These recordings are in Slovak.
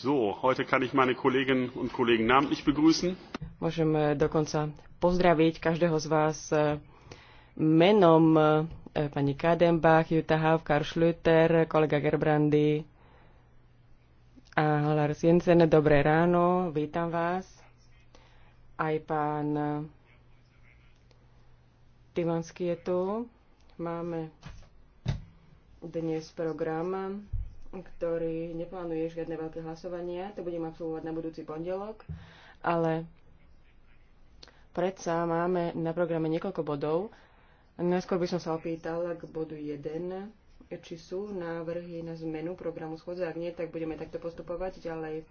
So, heute kann ich meine Kolleginnen und Kollegen namentlich begrüßen. Môžem dokonca pozdraviť každého z vás eh, menom eh, pani Kadenbach, Jutta Hav, Karl Schlüter, kolega Gerbrandy a Lars Jensen. Dobré ráno, vítam vás. Aj pán eh, Timanský je tu. Máme dnes program ktorý neplánuje žiadne veľké hlasovania. To budem absolvovať na budúci pondelok, ale predsa máme na programe niekoľko bodov. Najskôr by som sa opýtala k bodu 1, či sú návrhy na zmenu programu schôdze. Ak nie, tak budeme takto postupovať ďalej.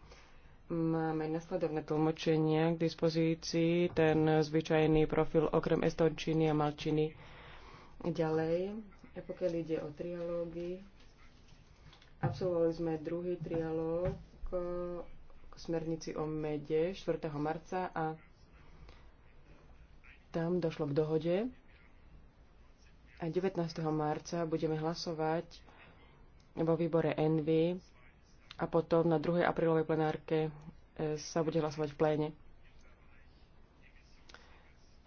Máme nasledovné tlmočenia k dispozícii, ten zvyčajný profil okrem estončiny a malčiny. Ďalej, pokiaľ ide o trialógy, Absolvovali sme druhý trialóg eh, k smernici o mede 4. marca a tam došlo k dohode. A 19. marca budeme hlasovať vo výbore Envy a potom na 2. aprílovej plenárke eh, sa bude hlasovať v pléne.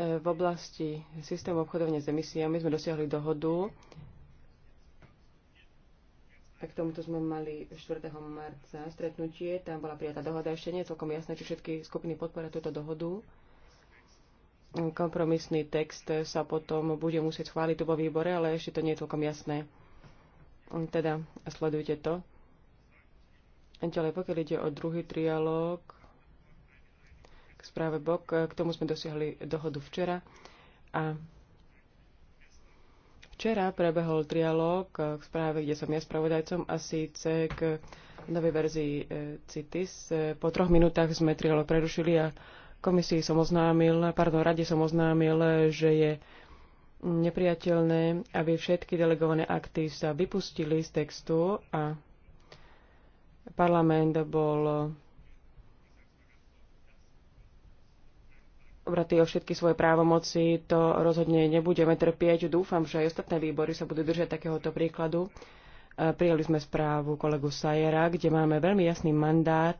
Eh, v oblasti systému obchodovania s emisiami sme dosiahli dohodu k tomuto sme mali 4. marca stretnutie, tam bola prijatá dohoda. Ešte nie je celkom jasné, či všetky skupiny podporia túto dohodu. Kompromisný text sa potom bude musieť schváliť tu vo výbore, ale ešte to nie je celkom jasné. Teda sledujte to. Ďalej, pokiaľ ide o druhý trialóg k správe BOK, k tomu sme dosiahli dohodu včera a Včera prebehol trialóg k správe, kde som ja spravodajcom a síce k novej verzii e, CITIS. E, po troch minútach sme trialóg prerušili a komisii som oznámil, pardon, rade som oznámil, že je nepriateľné, aby všetky delegované akty sa vypustili z textu a parlament bol obraty o všetky svoje právomoci, to rozhodne nebudeme trpieť. Dúfam, že aj ostatné výbory sa budú držať takéhoto príkladu. E, prijali sme správu kolegu Sajera, kde máme veľmi jasný mandát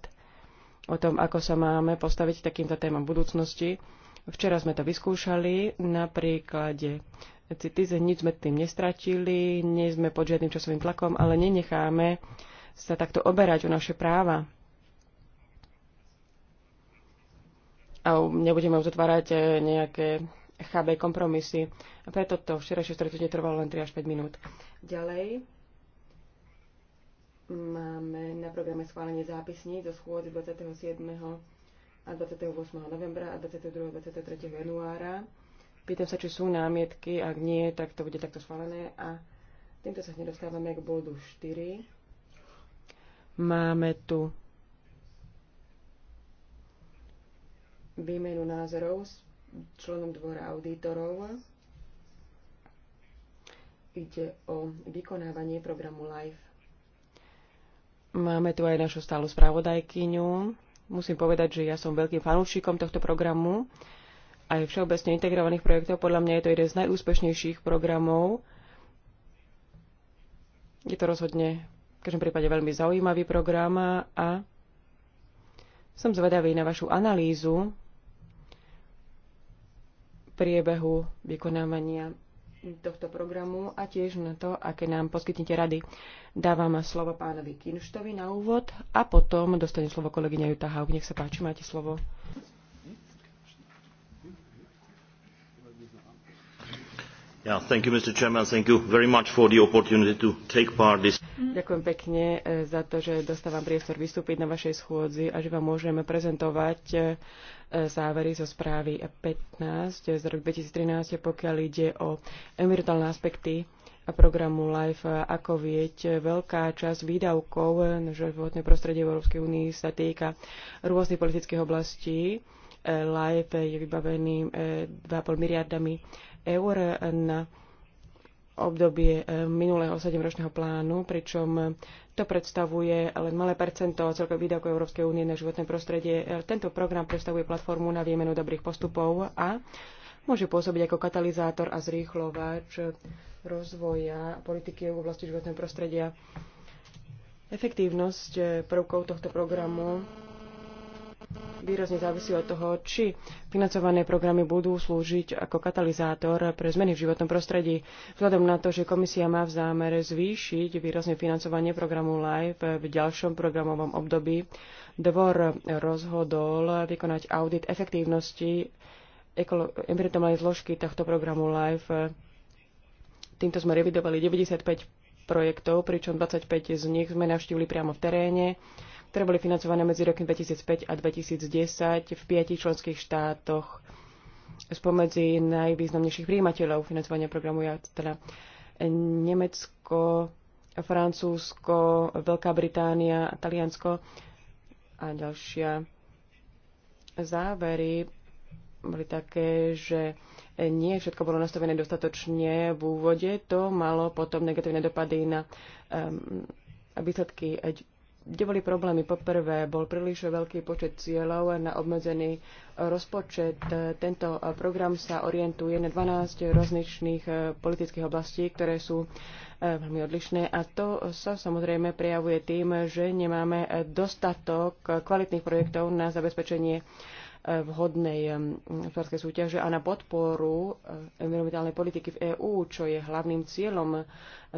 o tom, ako sa máme postaviť takýmto témam budúcnosti. Včera sme to vyskúšali na príklade Citizen, nič sme tým nestratili, nie sme pod žiadnym časovým tlakom, ale nenecháme sa takto oberať o naše práva. a nebudeme uzatvárať e, nejaké chábe kompromisy. A preto to včerajšie stretnutie trvalo len 3 až 5 minút. Ďalej máme na programe schválenie zápisní zo schôdzi 27. a 28. novembra a 22. a 23. januára. Pýtam sa, či sú námietky, ak nie, tak to bude takto schválené. A týmto sa nedostávame k bodu 4. Máme tu výmenu názorov s členom dvora auditorov. Ide o vykonávanie programu LIFE. Máme tu aj našu stálu spravodajkyňu. Musím povedať, že ja som veľkým fanúšikom tohto programu aj všeobecne integrovaných projektov. Podľa mňa je to jeden z najúspešnejších programov. Je to rozhodne v každom prípade veľmi zaujímavý program a som zvedavý na vašu analýzu priebehu vykonávania tohto programu a tiež na to, aké nám poskytnete rady. Dávam slovo pánovi Kinštovi na úvod a potom dostane slovo kolegyňa Juta Hauk. Nech sa páči, máte slovo. Yeah, thank you, Mr. Chairman. Thank you very much for the opportunity to take part this. Mhm. Ďakujem pekne e, za to, že dostávam priestor vystúpiť na vašej schôdzi a že vám môžeme prezentovať e, závery zo správy 15 z roku 2013, pokiaľ ide o environmentálne aspekty programu LIFE. Ako vieť, veľká časť výdavkov e, na životné prostredie v Európskej únii sa týka rôznych politických oblastí. LIFE je vybavený 2,5 miliardami eur na obdobie e, minulého 7-ročného plánu, pričom e, to predstavuje len malé percento celkových výdavkov Európskej únie na životné prostredie. E, tento program predstavuje platformu na výmenu dobrých postupov a môže pôsobiť ako katalizátor a zrýchlovač rozvoja politiky v oblasti životného prostredia. Efektívnosť prvkov tohto programu výrazne závisí od toho, či financované programy budú slúžiť ako katalizátor pre zmeny v životnom prostredí. Vzhľadom na to, že komisia má v zámere zvýšiť výrazne financovanie programu LIFE v ďalšom programovom období, dvor rozhodol vykonať audit efektívnosti environmentálnej zložky tohto programu LIFE. Týmto sme revidovali 95 projektov, pričom 25 z nich sme navštívili priamo v teréne ktoré boli financované medzi rokmi 2005 a 2010 v piatich členských štátoch spomedzi najvýznamnejších príjimateľov financovania programu ja teda Nemecko, Francúzsko, Veľká Británia, Taliansko a ďalšia. Závery boli také, že nie všetko bolo nastavené dostatočne v úvode. To malo potom negatívne dopady na um, výsledky kde boli problémy? Poprvé, bol príliš veľký počet cieľov na obmedzený rozpočet. Tento program sa orientuje na 12 rozličných eh, politických oblastí, ktoré sú eh, veľmi odlišné a to sa samozrejme prejavuje tým, že nemáme eh, dostatok kvalitných projektov na zabezpečenie E, vhodnej e, hospodárskej súťaže a na podporu e, environmentálnej politiky v EÚ, čo je hlavným cieľom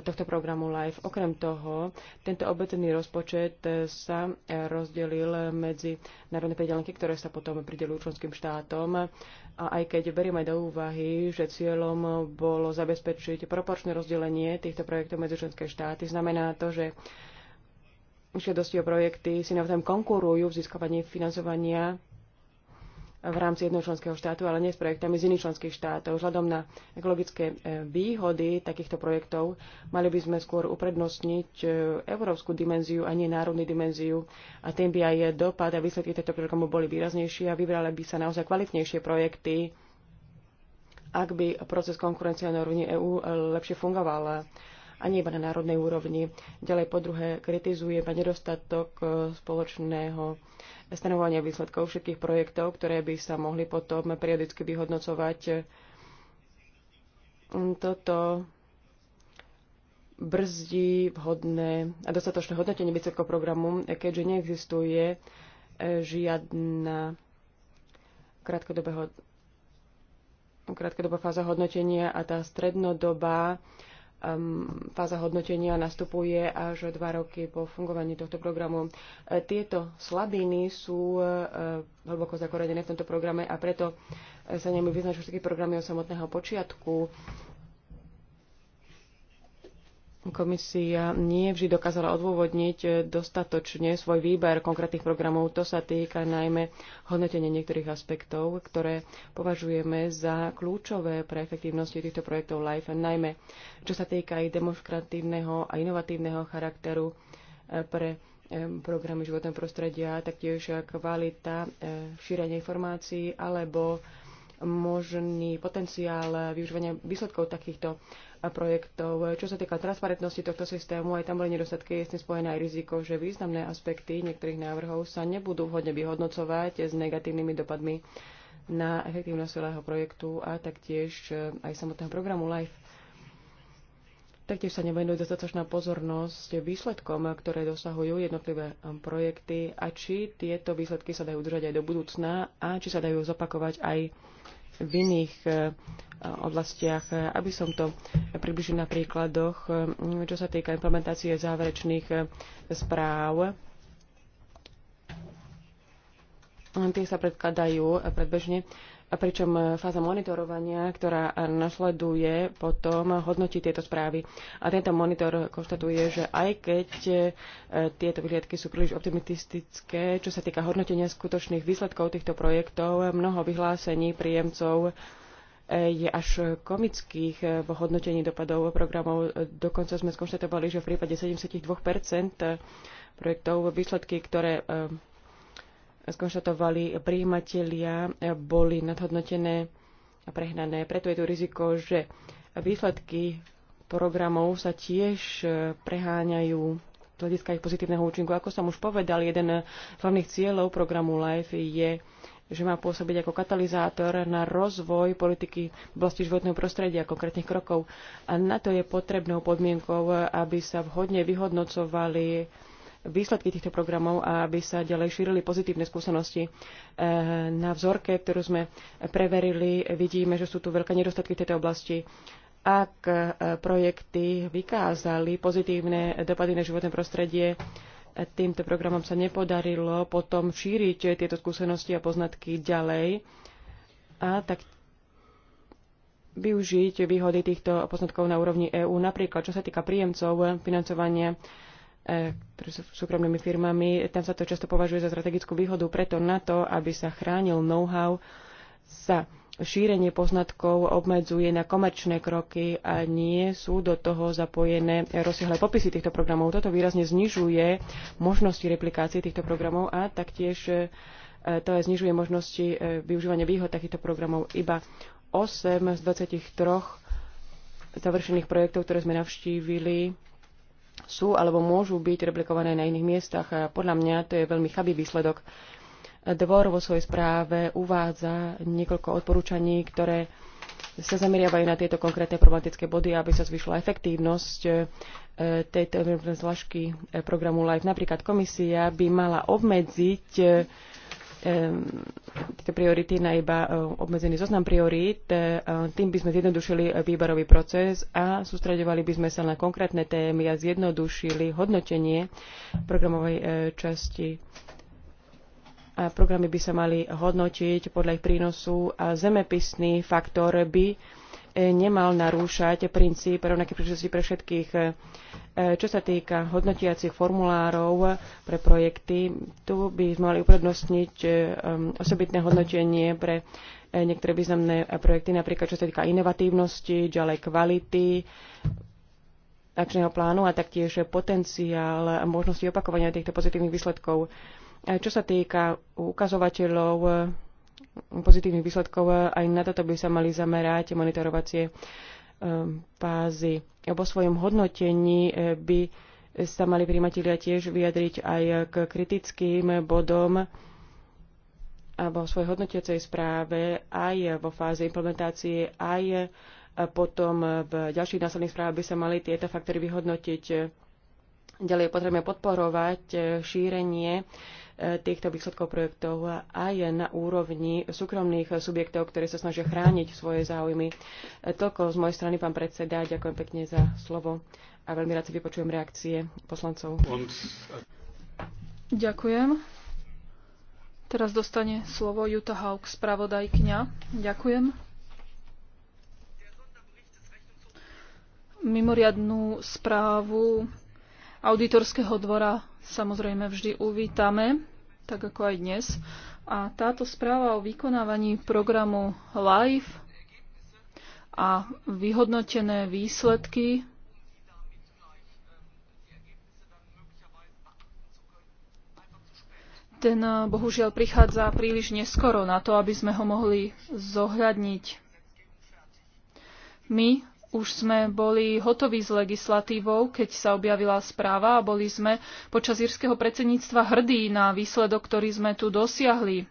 tohto programu LIFE. Okrem toho, tento obecný rozpočet sa rozdelil medzi národné predelenky, ktoré sa potom pridelujú členským štátom. A aj keď berieme do úvahy, že cieľom bolo zabezpečiť proporčné rozdelenie týchto projektov medzi členské štáty, znamená to, že žiadosti o projekty si navzájom konkurujú v získavaní financovania v rámci jedného členského štátu, ale nie s projektami z iných členských štátov. Vzhľadom na ekologické e, výhody takýchto projektov mali by sme skôr uprednostniť e, európsku dimenziu a nie národnú dimenziu a tým by aj dopad a výsledky tejto programu boli výraznejšie a vybrali by sa naozaj kvalitnejšie projekty, ak by proces konkurencie na úrovni EÚ lepšie fungoval a nie iba na národnej úrovni. Ďalej po druhé kritizuje nedostatok e, spoločného stanovania výsledkov všetkých projektov, ktoré by sa mohli potom periodicky vyhodnocovať. Toto brzdí vhodné a dostatočné hodnotenie výsledkov programu, keďže neexistuje e, žiadna krátkodobého krátkodobá fáza hodnotenia a tá strednodobá fáza hodnotenia nastupuje až dva roky po fungovaní tohto programu. E, tieto slabiny sú e, hlboko zakorenené v tomto programe a preto e, sa nemôžu vyznačujú všetky programy od samotného počiatku. Komisia nie vždy dokázala odôvodniť dostatočne svoj výber konkrétnych programov. To sa týka najmä hodnotenia niektorých aspektov, ktoré považujeme za kľúčové pre efektívnosti týchto projektov LIFE, najmä čo sa týka aj demonstratívneho a inovatívneho charakteru eh, pre eh, programy životného prostredia, taktiež kvalita eh, šírenia informácií alebo možný potenciál využívania výsledkov takýchto projektov. Čo sa týka transparentnosti tohto systému, aj tam boli nedostatky, je s tým spojené aj riziko, že významné aspekty niektorých návrhov sa nebudú vhodne vyhodnocovať s negatívnymi dopadmi na efektívnosť celého projektu a taktiež e, aj samotného programu LIFE. Taktiež sa nevenuje dostatočná pozornosť výsledkom, ktoré dosahujú jednotlivé e, projekty a či tieto výsledky sa dajú udržať aj do budúcna a či sa dajú zopakovať aj v iných e, oblastiach. E, aby som to približil na príkladoch, e, čo sa týka implementácie záverečných správ, tie sa predkladajú predbežne a pričom e, fáza monitorovania, ktorá e, nasleduje, potom hodnotí tieto správy. A tento monitor konštatuje, že aj keď e, tieto vyhliadky sú príliš optimistické, čo sa týka hodnotenia skutočných výsledkov týchto projektov, mnoho vyhlásení príjemcov je až komických v hodnotení dopadov programov. Dokonca sme skonštatovali, že v prípade 72 projektov výsledky, ktoré skonštatovali príjimatelia, e, boli nadhodnotené a prehnané. Preto je tu riziko, že výsledky programov sa tiež e, preháňajú z hľadiska ich pozitívneho účinku. Ako som už povedal, jeden z hlavných cieľov programu LIFE je že má pôsobiť ako katalizátor na rozvoj politiky v oblasti životného prostredia, konkrétnych krokov. A na to je potrebnou podmienkou, aby sa vhodne vyhodnocovali výsledky týchto programov a aby sa ďalej šírili pozitívne skúsenosti. Eh, na vzorke, ktorú sme preverili, vidíme, že sú tu veľké nedostatky v tejto oblasti. Ak eh, projekty vykázali pozitívne dopady na životné prostredie, eh, týmto programom sa nepodarilo potom šíriť tieto skúsenosti a poznatky ďalej a tak využiť výhody týchto poznatkov na úrovni EÚ. Napríklad, čo sa týka príjemcov financovania ktoré e, sú súkromnými firmami, tam sa to často považuje za strategickú výhodu. Preto na to, aby sa chránil know-how, sa šírenie poznatkov obmedzuje na komerčné kroky a nie sú do toho zapojené rozsiahle popisy týchto programov. Toto výrazne znižuje možnosti replikácie týchto programov a taktiež e, to aj znižuje možnosti e, využívania výhod takýchto programov. Iba 8 z 23 završených projektov, ktoré sme navštívili, sú alebo môžu byť replikované na iných miestach. A podľa mňa to je veľmi chabý výsledok. Dvor vo svojej správe uvádza niekoľko odporúčaní, ktoré sa zameriavajú na tieto konkrétne problematické body, aby sa zvyšila efektívnosť e, tejto e, zložky e, programu LIFE. Napríklad komisia by mala obmedziť tieto priority na iba e, obmedzený zoznam priorít. E, tým by sme zjednodušili e, výberový proces a sústredovali by sme sa na konkrétne témy a zjednodušili hodnotenie programovej časti. A programy by sa mali hodnotiť podľa ich prínosu a zemepisný faktor by nemal narúšať princíp rovnaké príležitosti pre všetkých. E, čo sa týka hodnotiacich formulárov e, pre projekty, tu by sme mali uprednostniť e, osobitné hodnotenie pre niektoré významné projekty, napríklad čo sa týka inovatívnosti, ďalej kvality akčného plánu a taktiež potenciál a možnosti opakovania týchto pozitívnych výsledkov. Čo sa týka ukazovateľov pozitívnych výsledkov, aj na toto by sa mali zamerať monitorovacie Um, fázy. Vo svojom hodnotení eh, by sa mali príjmatelia tiež vyjadriť aj k kritickým bodom alebo vo svojej hodnotiacej správe aj vo fáze implementácie, aj potom v ďalších následných správach by sa mali tieto faktory vyhodnotiť. Ďalej je potrebné podporovať e, šírenie e, týchto výsledkov projektov aj na úrovni súkromných subjektov, ktorí sa snažia chrániť svoje záujmy. E, toľko z mojej strany, pán predseda. Ďakujem pekne za slovo a veľmi rád si vypočujem reakcie poslancov. Ďakujem. Teraz dostane slovo Jutta Haug, spravodajkňa. Ďakujem. Mimoriadnú správu auditorského dvora samozrejme vždy uvítame, tak ako aj dnes. A táto správa o vykonávaní programu LIFE a vyhodnotené výsledky ten eh, bohužiaľ prichádza príliš neskoro na to, aby sme ho mohli zohľadniť. My už sme boli hotoví s legislatívou, keď sa objavila správa a boli sme počas írskeho predsedníctva hrdí na výsledok, ktorý sme tu dosiahli.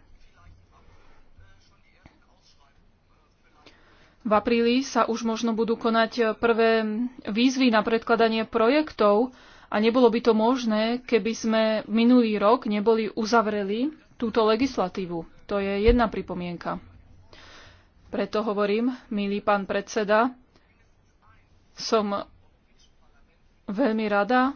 V apríli sa už možno budú konať prvé výzvy na predkladanie projektov a nebolo by to možné, keby sme minulý rok neboli uzavreli túto legislatívu. To je jedna pripomienka. Preto hovorím, milý pán predseda, som veľmi rada,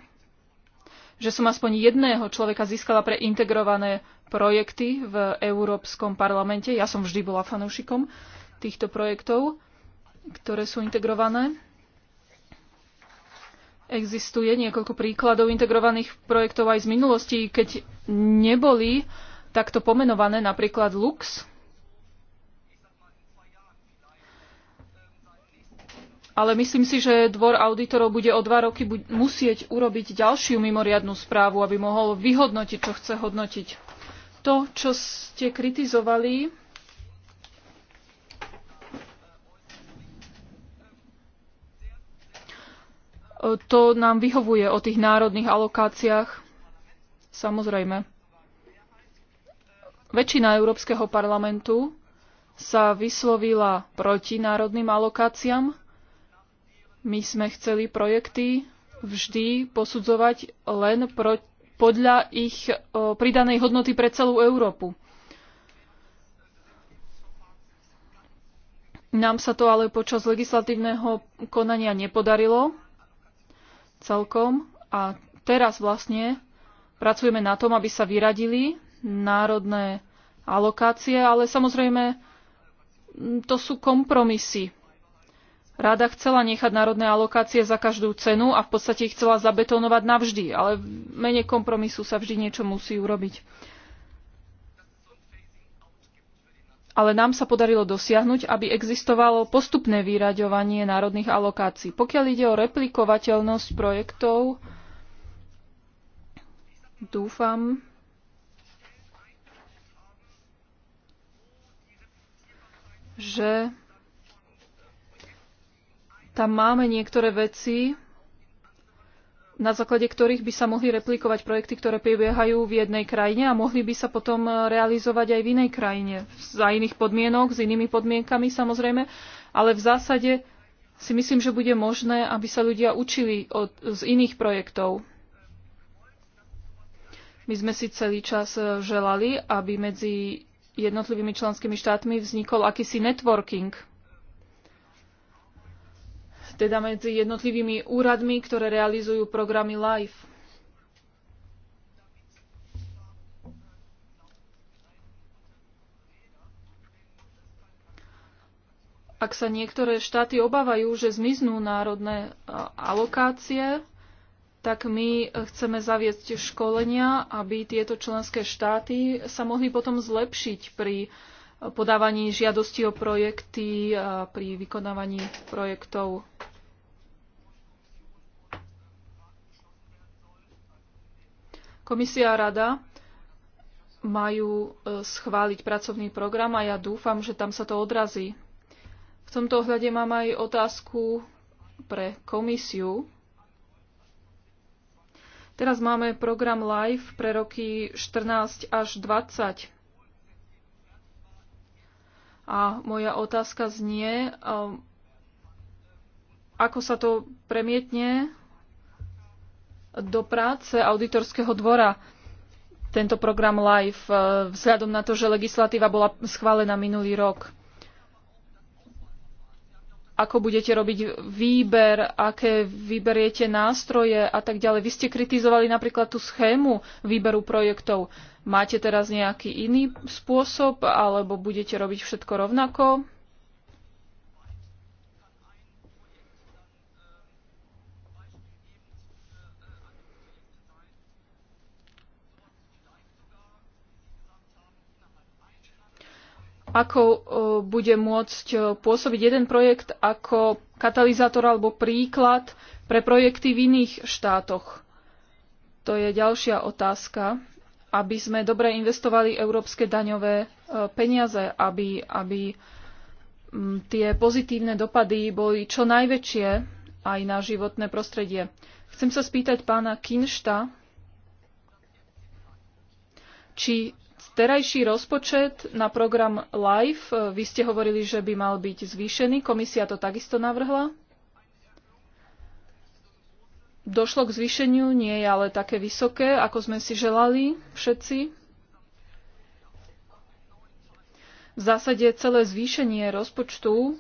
že som aspoň jedného človeka získala pre integrované projekty v Európskom parlamente. Ja som vždy bola fanúšikom týchto projektov, ktoré sú integrované. Existuje niekoľko príkladov integrovaných projektov aj z minulosti, keď neboli takto pomenované, napríklad Lux, Ale myslím si, že dvor auditorov bude o dva roky musieť urobiť ďalšiu mimoriadnú správu, aby mohol vyhodnotiť, čo chce hodnotiť. To, čo ste kritizovali, to nám vyhovuje o tých národných alokáciách. Samozrejme. Väčšina Európskeho parlamentu sa vyslovila proti národným alokáciám my sme chceli projekty vždy posudzovať len pro, podľa ich o, e, pridanej hodnoty pre celú Európu. Nám sa to ale počas legislatívneho konania nepodarilo celkom a teraz vlastne pracujeme na tom, aby sa vyradili národné alokácie, ale samozrejme to sú kompromisy. Rada chcela nechať národné alokácie za každú cenu a v podstate ich chcela zabetonovať navždy, ale v mene kompromisu sa vždy niečo musí urobiť. Ale nám sa podarilo dosiahnuť, aby existovalo postupné vyraďovanie národných alokácií. Pokiaľ ide o replikovateľnosť projektov, dúfam, že tam máme niektoré veci, na základe ktorých by sa mohli replikovať projekty, ktoré prebiehajú v jednej krajine a mohli by sa potom e, realizovať aj v inej krajine. Za iných podmienok, s inými podmienkami samozrejme, ale v zásade si myslím, že bude možné, aby sa ľudia učili od, z iných projektov. My sme si celý čas e, želali, aby medzi jednotlivými členskými štátmi vznikol akýsi networking – teda medzi jednotlivými úradmi, ktoré realizujú programy LIFE. Ak sa niektoré štáty obávajú, že zmiznú národné alokácie, tak my chceme zaviesť školenia, aby tieto členské štáty sa mohli potom zlepšiť pri uh, podávaní žiadosti o projekty a pri vykonávaní projektov. Komisia a rada majú e, schváliť pracovný program a ja dúfam, že tam sa to odrazí. V tomto ohľade mám aj otázku pre komisiu. Teraz máme program LIVE pre roky 14 až 20. A moja otázka znie, um, ako sa to premietne do práce auditorského dvora tento program LIFE, uh, vzhľadom na to, že legislatíva bola schválená minulý rok ako budete robiť výber, aké vyberiete nástroje a tak ďalej. Vy ste kritizovali napríklad tú schému výberu projektov. Máte teraz nejaký iný spôsob, alebo budete robiť všetko rovnako? ako e, bude môcť e, pôsobiť jeden projekt ako katalizátor alebo príklad pre projekty v iných štátoch. To je ďalšia otázka, aby sme dobre investovali európske daňové e, peniaze, aby, aby tie pozitívne dopady boli čo najväčšie aj na životné prostredie. Chcem sa spýtať pána Kinšta, či Terajší rozpočet na program LIFE, e, vy ste hovorili, že by mal byť zvýšený, komisia to takisto navrhla. Došlo k zvýšeniu, nie je ale také vysoké, ako sme si želali všetci. V zásade celé zvýšenie rozpočtu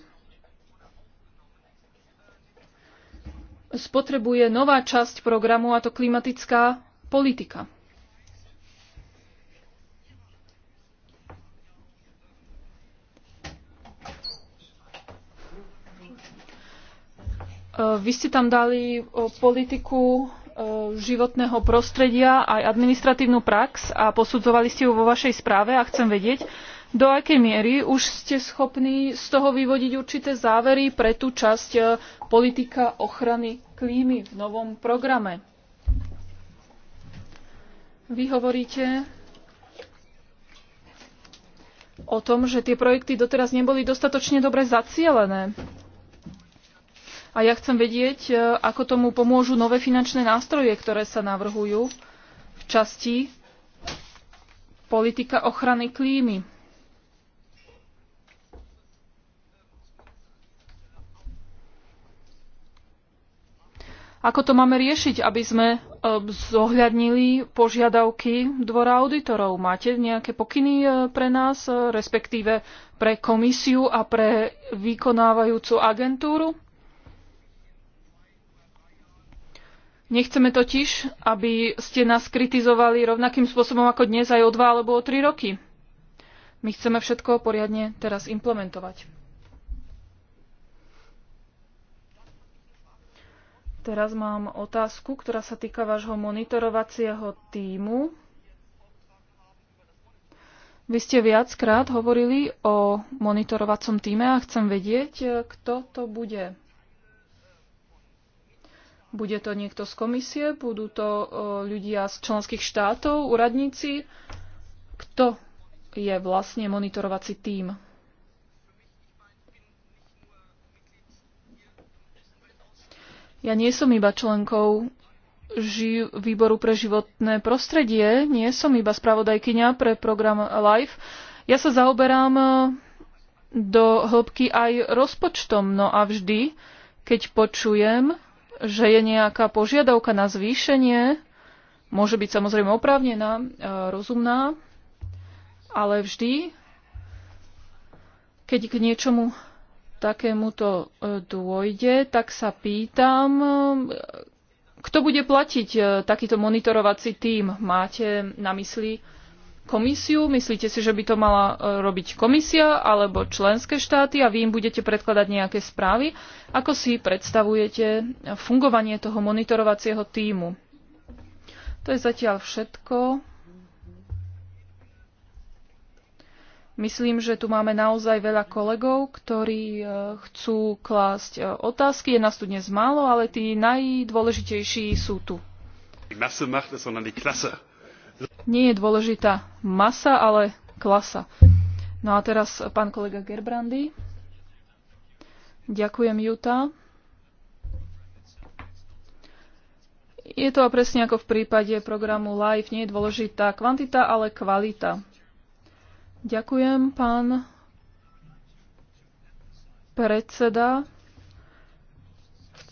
spotrebuje nová časť programu, a to klimatická politika. E, vy ste tam dali e, politiku e, životného prostredia aj administratívnu prax a posudzovali ste ju vo vašej správe a chcem vedieť, do akej miery už ste schopní z toho vyvodiť určité závery pre tú časť politika ochrany klímy v novom programe. Vy hovoríte o tom, že tie projekty doteraz neboli dostatočne dobre zacielené. A ja chcem vedieť, e, ako tomu pomôžu nové finančné nástroje, ktoré sa navrhujú v časti politika ochrany klímy. Ako to máme riešiť, aby sme e, zohľadnili požiadavky dvora auditorov? Máte nejaké pokyny e, pre nás, respektíve pre komisiu a pre vykonávajúcu agentúru? Nechceme totiž, aby ste nás kritizovali rovnakým spôsobom ako dnes aj o dva alebo o tri roky. My chceme všetko poriadne teraz implementovať. Teraz mám otázku, ktorá sa týka vášho monitorovacieho týmu. Vy ste viackrát hovorili o monitorovacom týme a chcem vedieť, kto to bude. Bude to niekto z komisie? Budú to e, ľudia z členských štátov, úradníci? Kto je vlastne monitorovací tým? Ja nie som iba členkou výboru pre životné prostredie, nie som iba spravodajkyňa pre program LIFE. Ja sa zaoberám e, do hĺbky aj rozpočtom, no a vždy, keď počujem, že je nejaká požiadavka na zvýšenie, môže byť samozrejme oprávnená, e, rozumná, ale vždy, keď k niečomu takémuto e, dôjde, tak sa pýtam, e, kto bude platiť takýto monitorovací tím? Máte na mysli komisiu? Myslíte si, že by to mala e, robiť komisia alebo členské štáty a vy im budete predkladať nejaké správy? Ako si predstavujete fungovanie toho monitorovacieho týmu? To je zatiaľ všetko. Myslím, že tu máme naozaj veľa kolegov, ktorí e, chcú klásť e, otázky. Je nás tu dnes málo, ale tí najdôležitejší sú tu. Die Masse macht es, sondern die Klasse nie je dôležitá masa, ale klasa. No a teraz pán kolega Gerbrandy. Ďakujem, Juta. Je to presne ako v prípade programu LIFE. Nie je dôležitá kvantita, ale kvalita. Ďakujem, pán predseda.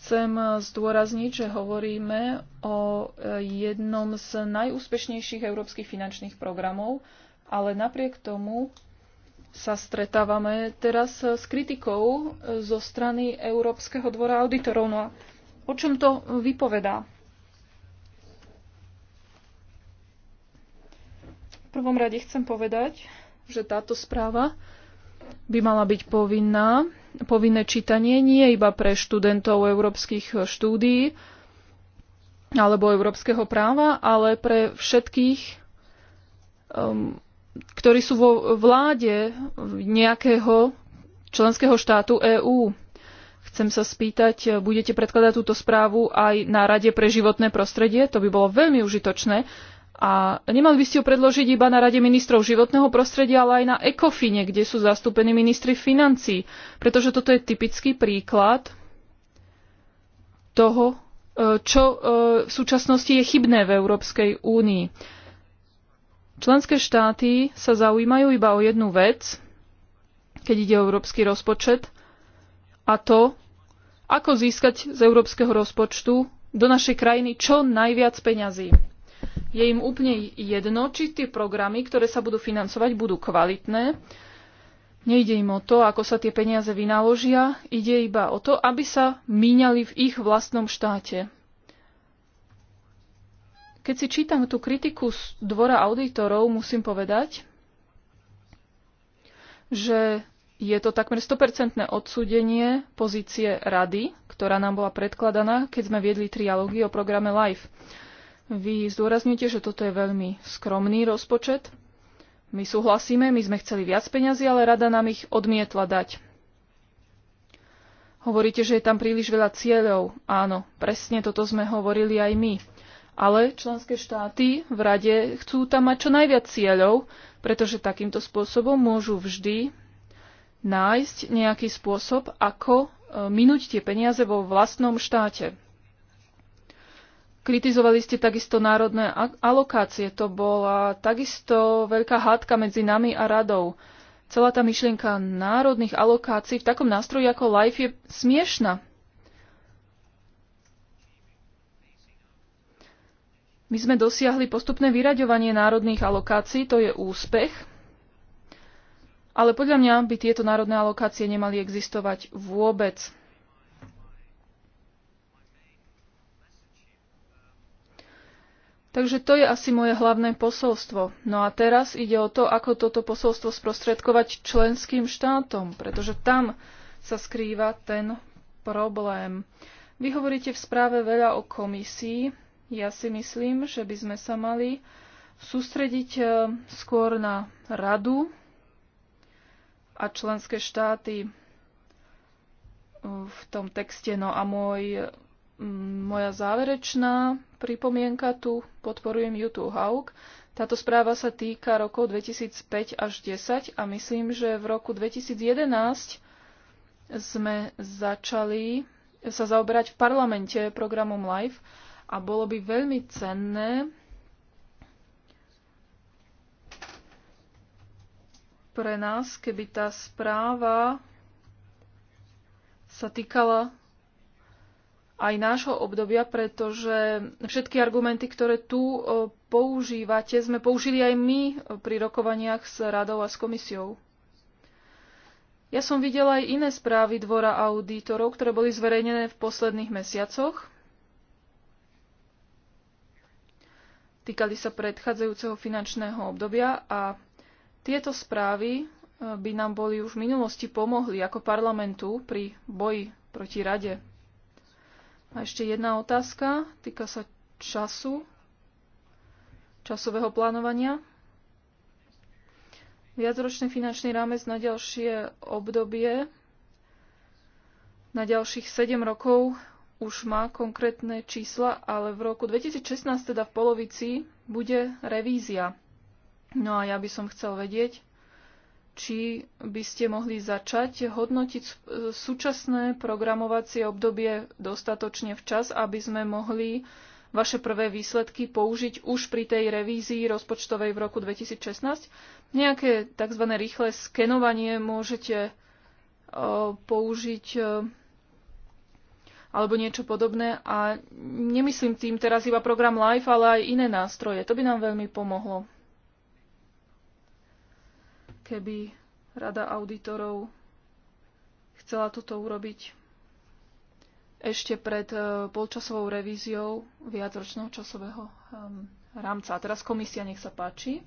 Chcem zdôrazniť, že hovoríme o e, jednom z najúspešnejších európskych finančných programov, ale napriek tomu sa stretávame teraz s kritikou zo strany Európskeho dvora auditorov. No a o čom to vypovedá? V prvom rade chcem povedať, že táto správa by mala byť povinná povinné čítanie nie iba pre študentov európskych štúdií alebo európskeho práva, ale pre všetkých, um, ktorí sú vo vláde nejakého členského štátu EÚ. Chcem sa spýtať, budete predkladať túto správu aj na Rade pre životné prostredie? To by bolo veľmi užitočné, a nemali by ste ju predložiť iba na Rade ministrov životného prostredia, ale aj na ECOFINE, kde sú zastúpení ministri financí. Pretože toto je typický príklad toho, e, čo e, v súčasnosti je chybné v Európskej únii. Členské štáty sa zaujímajú iba o jednu vec, keď ide o európsky rozpočet, a to, ako získať z európskeho rozpočtu do našej krajiny čo najviac peňazí. Je im úplne jedno, či tie programy, ktoré sa budú financovať, budú kvalitné. Nejde im o to, ako sa tie peniaze vynaložia, ide iba o to, aby sa míňali v ich vlastnom štáte. Keď si čítam tú kritiku z dvora auditorov, musím povedať, že je to takmer 100% odsúdenie pozície rady, ktorá nám bola predkladaná, keď sme viedli trialógy o programe LIFE. Vy zdôrazňujete, že toto je veľmi skromný rozpočet. My súhlasíme, my sme chceli viac peňazí, ale rada nám ich odmietla dať. Hovoríte, že je tam príliš veľa cieľov. Áno, presne toto sme hovorili aj my. Ale členské štáty v rade chcú tam mať čo najviac cieľov, pretože takýmto spôsobom môžu vždy nájsť nejaký spôsob, ako e, minúť tie peniaze vo vlastnom štáte. Kritizovali ste takisto národné alokácie. To bola takisto veľká hádka medzi nami a radou. Celá tá myšlienka národných alokácií v takom nástroji ako LIFE je smiešna. My sme dosiahli postupné vyraďovanie národných alokácií, to je úspech, ale podľa mňa by tieto národné alokácie nemali existovať vôbec. Takže to je asi moje hlavné posolstvo. No a teraz ide o to, ako toto posolstvo sprostredkovať členským štátom, pretože tam sa skrýva ten problém. Vy hovoríte v správe veľa o komisii. Ja si myslím, že by sme sa mali sústrediť e, skôr na radu a členské štáty e, v tom texte. No a môj, moja záverečná pripomienka, tu podporujem ju tu hauk. Táto správa sa týka rokov 2005 až 10 a myslím, že v roku 2011 sme začali sa zaoberať v parlamente programom LIFE a bolo by veľmi cenné pre nás, keby tá správa sa týkala aj nášho obdobia, pretože všetky argumenty, ktoré tu e, používate, sme použili aj my e, pri rokovaniach s radou a s komisiou. Ja som videla aj iné správy dvora auditorov, ktoré boli zverejnené v posledných mesiacoch. Týkali sa predchádzajúceho finančného obdobia a tieto správy e, by nám boli už v minulosti pomohli ako parlamentu pri boji proti rade a ešte jedna otázka, týka sa času, časového plánovania. Viacročný finančný rámec na ďalšie obdobie, na ďalších 7 rokov už má konkrétne čísla, ale v roku 2016, teda v polovici, bude revízia. No a ja by som chcel vedieť, či by ste mohli začať hodnotiť súčasné programovacie obdobie dostatočne včas, aby sme mohli vaše prvé výsledky použiť už pri tej revízii rozpočtovej v roku 2016. Nejaké tzv. rýchle skenovanie môžete použiť alebo niečo podobné. A nemyslím tým teraz iba program Live, ale aj iné nástroje. To by nám veľmi pomohlo keby rada auditorov chcela toto urobiť ešte pred e, polčasovou revíziou viacročného časového rámca. A teraz komisia, nech sa páči.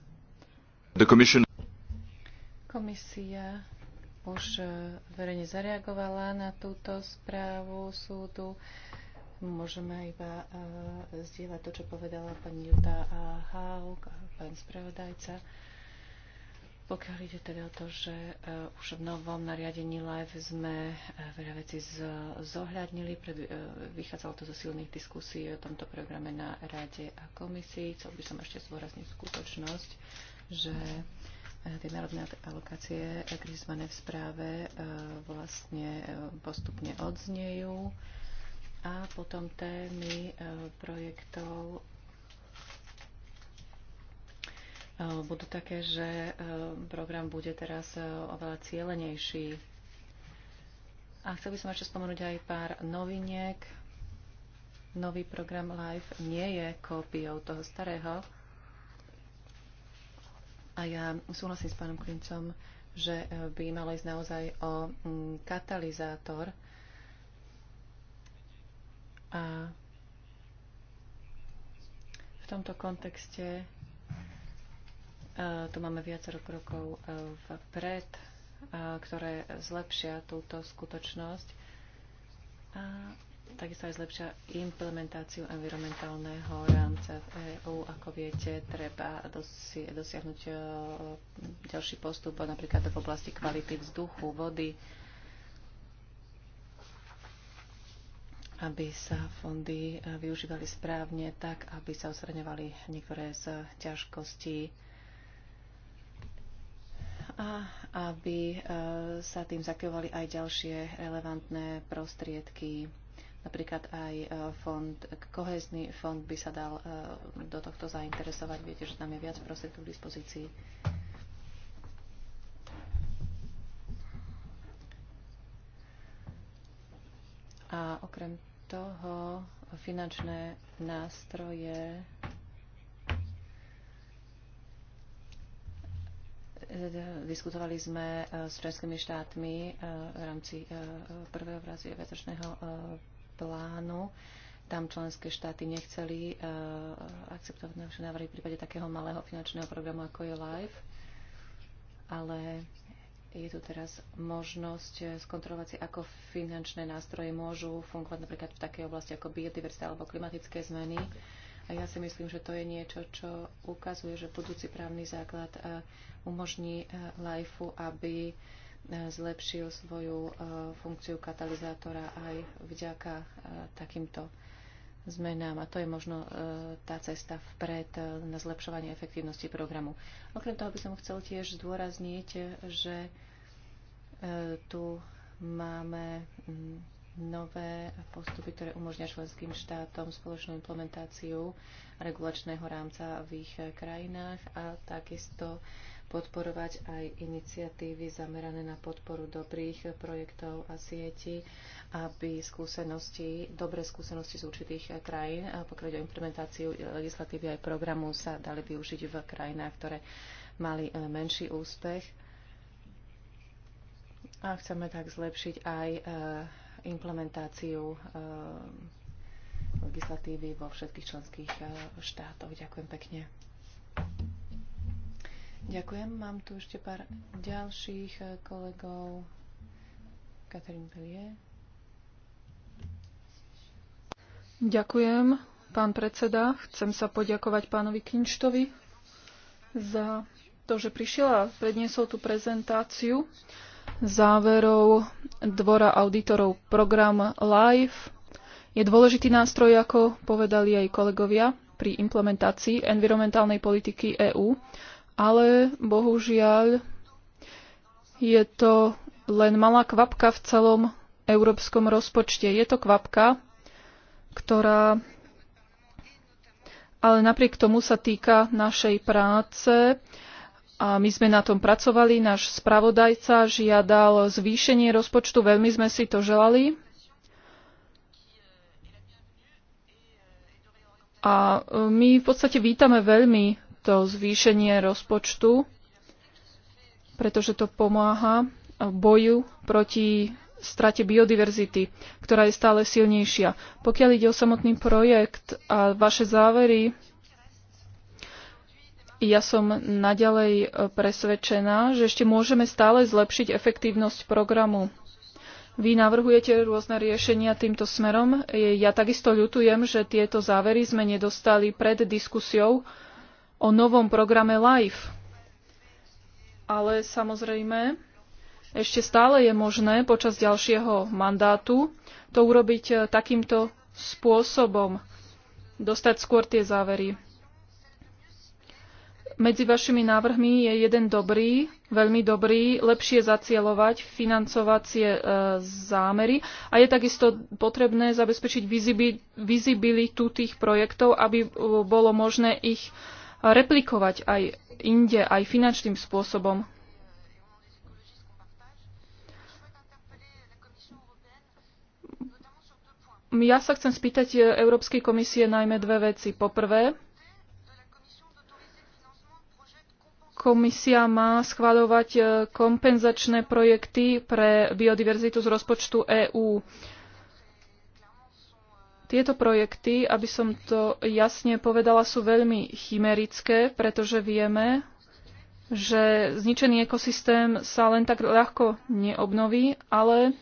The commission... Komisia už e, verejne zareagovala na túto správu súdu. Môžeme iba e, zdieľať to, čo povedala pani Juta a Haug, pán spravodajca. Uh, pokiaľ ide teda o to, že e, už v novom nariadení live sme e, veľa veci zohľadnili, pred, e, vychádzalo to zo silných diskusí o tomto programe na Rade a komisii. Chcel by som ešte zvorazniť skutočnosť, že tie národné alokácie krizmané v správe vlastne postupne odznejú a potom témy projektov Eh, budú také, že eh, program bude teraz eh, oveľa cieľenejší. A chcel by som ešte spomenúť aj pár noviniek. Nový program LIFE nie je kópiou toho starého. A ja súhlasím s pánom Klincom, že by malo ísť naozaj o mm, katalizátor a v tomto kontexte tu máme viacero krokov eh, vpred, eh, ktoré zlepšia túto skutočnosť a takisto aj zlepšia implementáciu environmentálneho rámca v EÚ. Ako viete, treba dosi- dosiahnuť eh, ďalší postup, napríklad v oblasti kvality vzduchu, vody, aby sa fondy využívali správne tak, aby sa osraňovali niektoré z ťažkostí a aby e, sa tým zaktivovali aj ďalšie relevantné prostriedky. Napríklad aj e, fond, kohezný fond by sa dal e, do tohto zainteresovať. Viete, že tam je viac prostriedkov k dispozícii. A okrem toho finančné nástroje Diskutovali sme e, s členskými štátmi e, v rámci e, prvého vrazie vetočného plánu. Tam členské štáty nechceli akceptovať naše návrhy v prípade takého malého finančného programu, ako je LIFE. Ale je tu teraz možnosť skontrolovať si, ako finančné nástroje môžu fungovať napríklad v takej oblasti ako biodiverzita alebo klimatické zmeny. Okay a ja si myslím, že to je niečo, čo ukazuje, že budúci právny základ e, umožní e, LIFE, aby e, zlepšil svoju funkciu katalizátora aj vďaka takýmto zmenám. A to je možno tá cesta vpred na zlepšovanie efektívnosti programu. Okrem toho by som chcel tiež zdôrazniť, že tu máme nové postupy, ktoré umožňa členským štátom spoločnú implementáciu regulačného rámca v ich krajinách a takisto podporovať aj iniciatívy zamerané na podporu dobrých projektov a sieti, aby skúsenosti, dobré skúsenosti z určitých krajín, pokiaľ o implementáciu legislatívy aj programu, sa dali využiť v krajinách, ktoré mali e, menší úspech. A chceme tak zlepšiť aj e, implementáciu eh, legislatívy vo všetkých členských eh, štátoch. Ďakujem pekne. Ďakujem. Mám tu ešte pár ďalších eh, kolegov. Katarín Pelie. Ďakujem, pán predseda. Chcem sa poďakovať pánovi Kinštovi za to, že prišiel a predniesol tú prezentáciu záverov Dvora auditorov program LIFE je dôležitý nástroj, ako povedali aj kolegovia, pri implementácii environmentálnej politiky EÚ, ale bohužiaľ je to len malá kvapka v celom európskom rozpočte. Je to kvapka, ktorá ale napriek tomu sa týka našej práce, a my sme na tom pracovali. Náš spravodajca žiadal zvýšenie rozpočtu, veľmi sme si to želali. A e, my v podstate vítame veľmi to zvýšenie rozpočtu, pretože to pomáha v e, boju proti strate biodiverzity, ktorá je stále silnejšia. Pokiaľ ide o samotný projekt a vaše závery, ja som naďalej e, presvedčená, že ešte môžeme stále zlepšiť efektívnosť programu. Vy navrhujete rôzne riešenia týmto smerom. E, ja takisto ľutujem, že tieto závery sme nedostali pred diskusiou o novom programe LIFE. Ale samozrejme, ešte stále je možné počas ďalšieho mandátu to urobiť e, takýmto spôsobom, dostať skôr tie závery. Medzi vašimi návrhmi je jeden dobrý, veľmi dobrý, lepšie zacielovať financovacie e, zámery a je takisto potrebné zabezpečiť vizibilitu tých projektov, aby e, bolo možné ich replikovať aj inde, aj finančným spôsobom. Ja sa chcem spýtať e, Európskej komisie najmä dve veci. Poprvé, Komisia má schváľovať e, kompenzačné projekty pre biodiverzitu z rozpočtu EÚ. Tieto projekty, aby som to jasne povedala, sú veľmi chimerické, pretože vieme, že zničený ekosystém sa len tak ľahko neobnoví, ale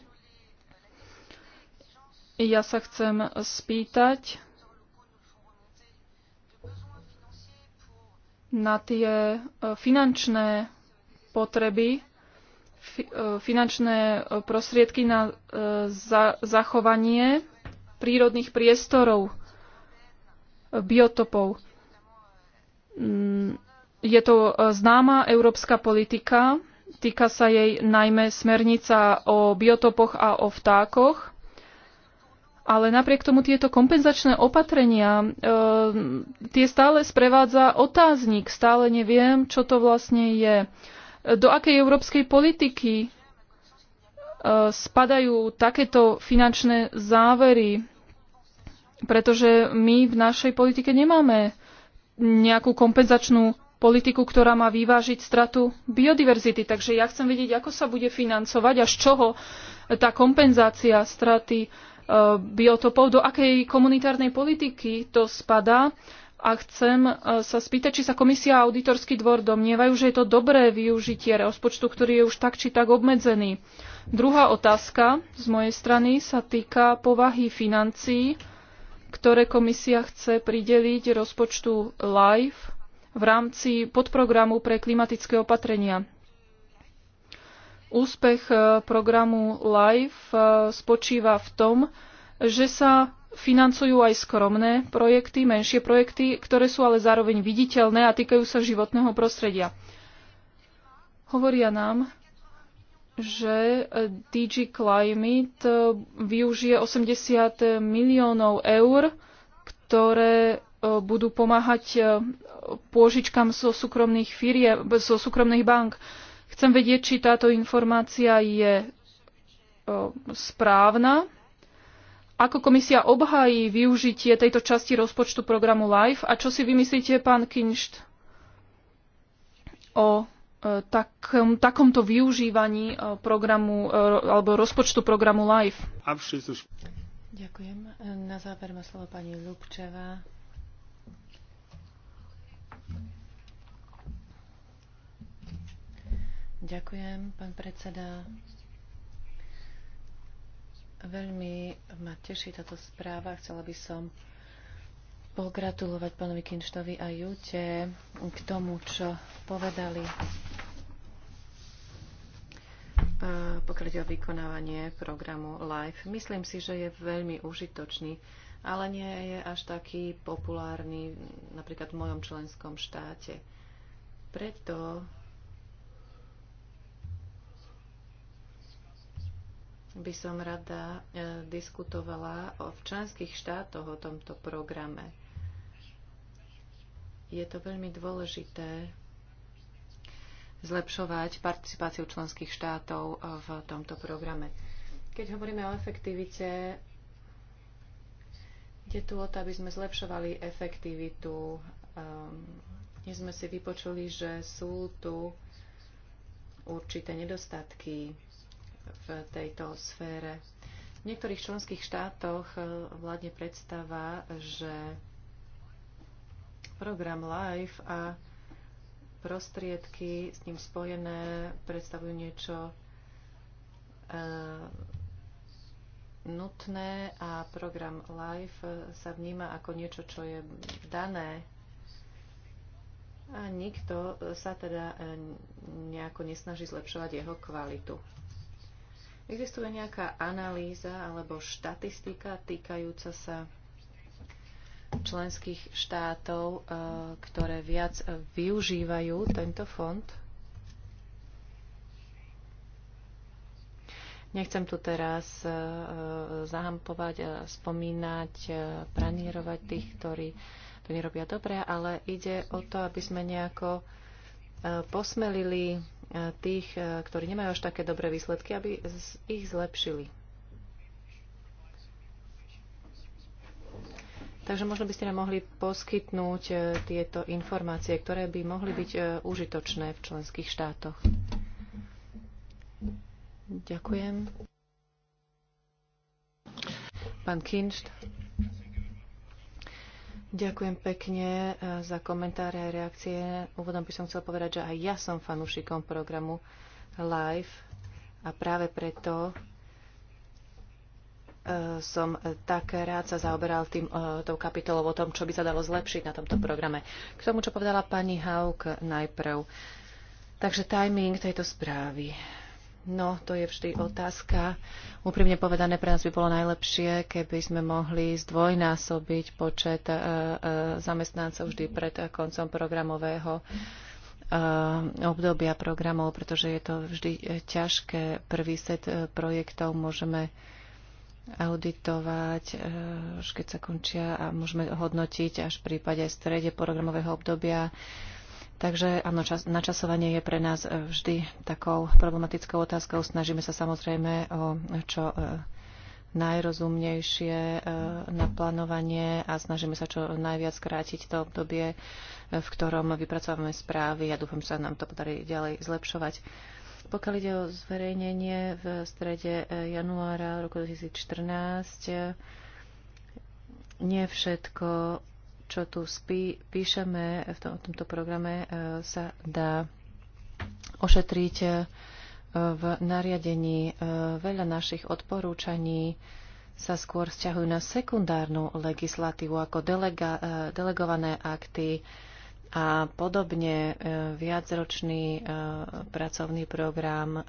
ja sa chcem spýtať, na tie e, finančné potreby, e, finančné e, prostriedky na zachovanie prírodných priestorov, biotopov. Mm, je to známa európska politika, týka sa jej najmä smernica o biotopoch a o vtákoch ale napriek tomu tieto kompenzačné opatrenia, e, tie stále sprevádza otáznik, stále neviem, čo to vlastne je. Do akej európskej politiky e, spadajú takéto finančné závery? Pretože my v našej politike nemáme nejakú kompenzačnú politiku, ktorá má vyvážiť stratu biodiverzity. Takže ja chcem vidieť, ako sa bude financovať a z čoho tá kompenzácia straty E, biotopov, do akej komunitárnej politiky to spadá. A chcem e, sa spýtať, či sa komisia a auditorský dvor domnievajú, že je to dobré využitie rozpočtu, ktorý je už tak či tak obmedzený. Druhá otázka z mojej strany sa týka povahy financií, ktoré komisia chce prideliť rozpočtu LIFE v rámci podprogramu pre klimatické opatrenia. Úspech e, programu LIFE e, spočíva v tom, že sa financujú aj skromné projekty, menšie projekty, ktoré sú ale zároveň viditeľné a týkajú sa životného prostredia. Hovoria nám, že e, DG Climate využije 80 miliónov eur, ktoré budú pomáhať pôžičkám zo súkromných, firie, zo súkromných bank. Chcem vedieť, či táto informácia je správna. Ako komisia obhájí využitie tejto časti rozpočtu programu LIFE a čo si vymyslíte, pán Kinšt, o e, takom, takomto využívaní e, programu e, alebo rozpočtu programu LIFE? Ďakujem. Na záver má slovo pani Lubčeva. Ďakujem, pán predseda. Veľmi ma teší táto správa. Chcela by som pogratulovať pánovi Kinštovi a Jute k tomu, čo povedali pokiaľ ide o vykonávanie programu LIFE. Myslím si, že je veľmi užitočný, ale nie je až taký populárny napríklad v mojom členskom štáte. Preto by som rada e, diskutovala o v členských štátoch o tomto programe. Je to veľmi dôležité zlepšovať participáciu členských štátov e, v tomto programe. Keď hovoríme o efektivite, je tu o to, aby sme zlepšovali efektivitu. My ehm, sme si vypočuli, že sú tu určité nedostatky v tejto sfére. V niektorých členských štátoch eh, vládne predstava, že program LIFE a prostriedky s ním spojené predstavujú niečo eh, nutné a program LIFE eh, sa vníma ako niečo, čo je dané a nikto sa teda nejako nesnaží zlepšovať jeho kvalitu. Existuje nejaká analýza alebo štatistika týkajúca sa členských štátov, eh, ktoré viac využívajú tento fond? Nechcem tu teraz eh, eh, zahampovať spomínať, pranírovať tých, ktorí to nerobia dobre, ale ide o to, aby sme nejako posmelili e, tých, e, ktorí nemajú až také dobré výsledky, aby ich zlepšili. Takže možno by ste nám mohli poskytnúť e, tieto informácie, ktoré by mohli byť užitočné v členských štátoch. Ďakujem. Pán Kinšt. Ďakujem pekne eh, za komentáre a reakcie. Úvodom by som chcel povedať, že aj ja som fanúšikom programu Live a práve preto eh, som tak rád sa zaoberal tým, eh, tou kapitolou o tom, čo by sa dalo zlepšiť na tomto programe. K tomu, čo povedala pani Hauk najprv. Takže timing tejto správy. No, to je vždy otázka. Úprimne povedané, pre nás by bolo najlepšie, keby sme mohli zdvojnásobiť počet e, e, zamestnancov vždy pred koncom programového e, obdobia programov, pretože je to vždy ťažké. Prvý set projektov môžeme auditovať, už keď sa končia a môžeme hodnotiť až v prípade strede programového obdobia Takže áno, čas, načasovanie je pre nás eh, vždy takou problematickou otázkou. Snažíme sa samozrejme o čo eh, najrozumnejšie eh, naplánovanie a snažíme sa čo najviac krátiť to obdobie, v ktorom vypracovávame správy a ja dúfam, že sa nám to podarí ďalej zlepšovať. Pokiaľ ide o zverejnenie v strede januára roku 2014, nie všetko čo tu spí, píšeme v, tom, v tomto programe, e, sa dá ošetriť e, v nariadení. E, veľa našich odporúčaní sa skôr vzťahujú na sekundárnu legislatívu ako delega, delegované akty a podobne viacročný pracovný program,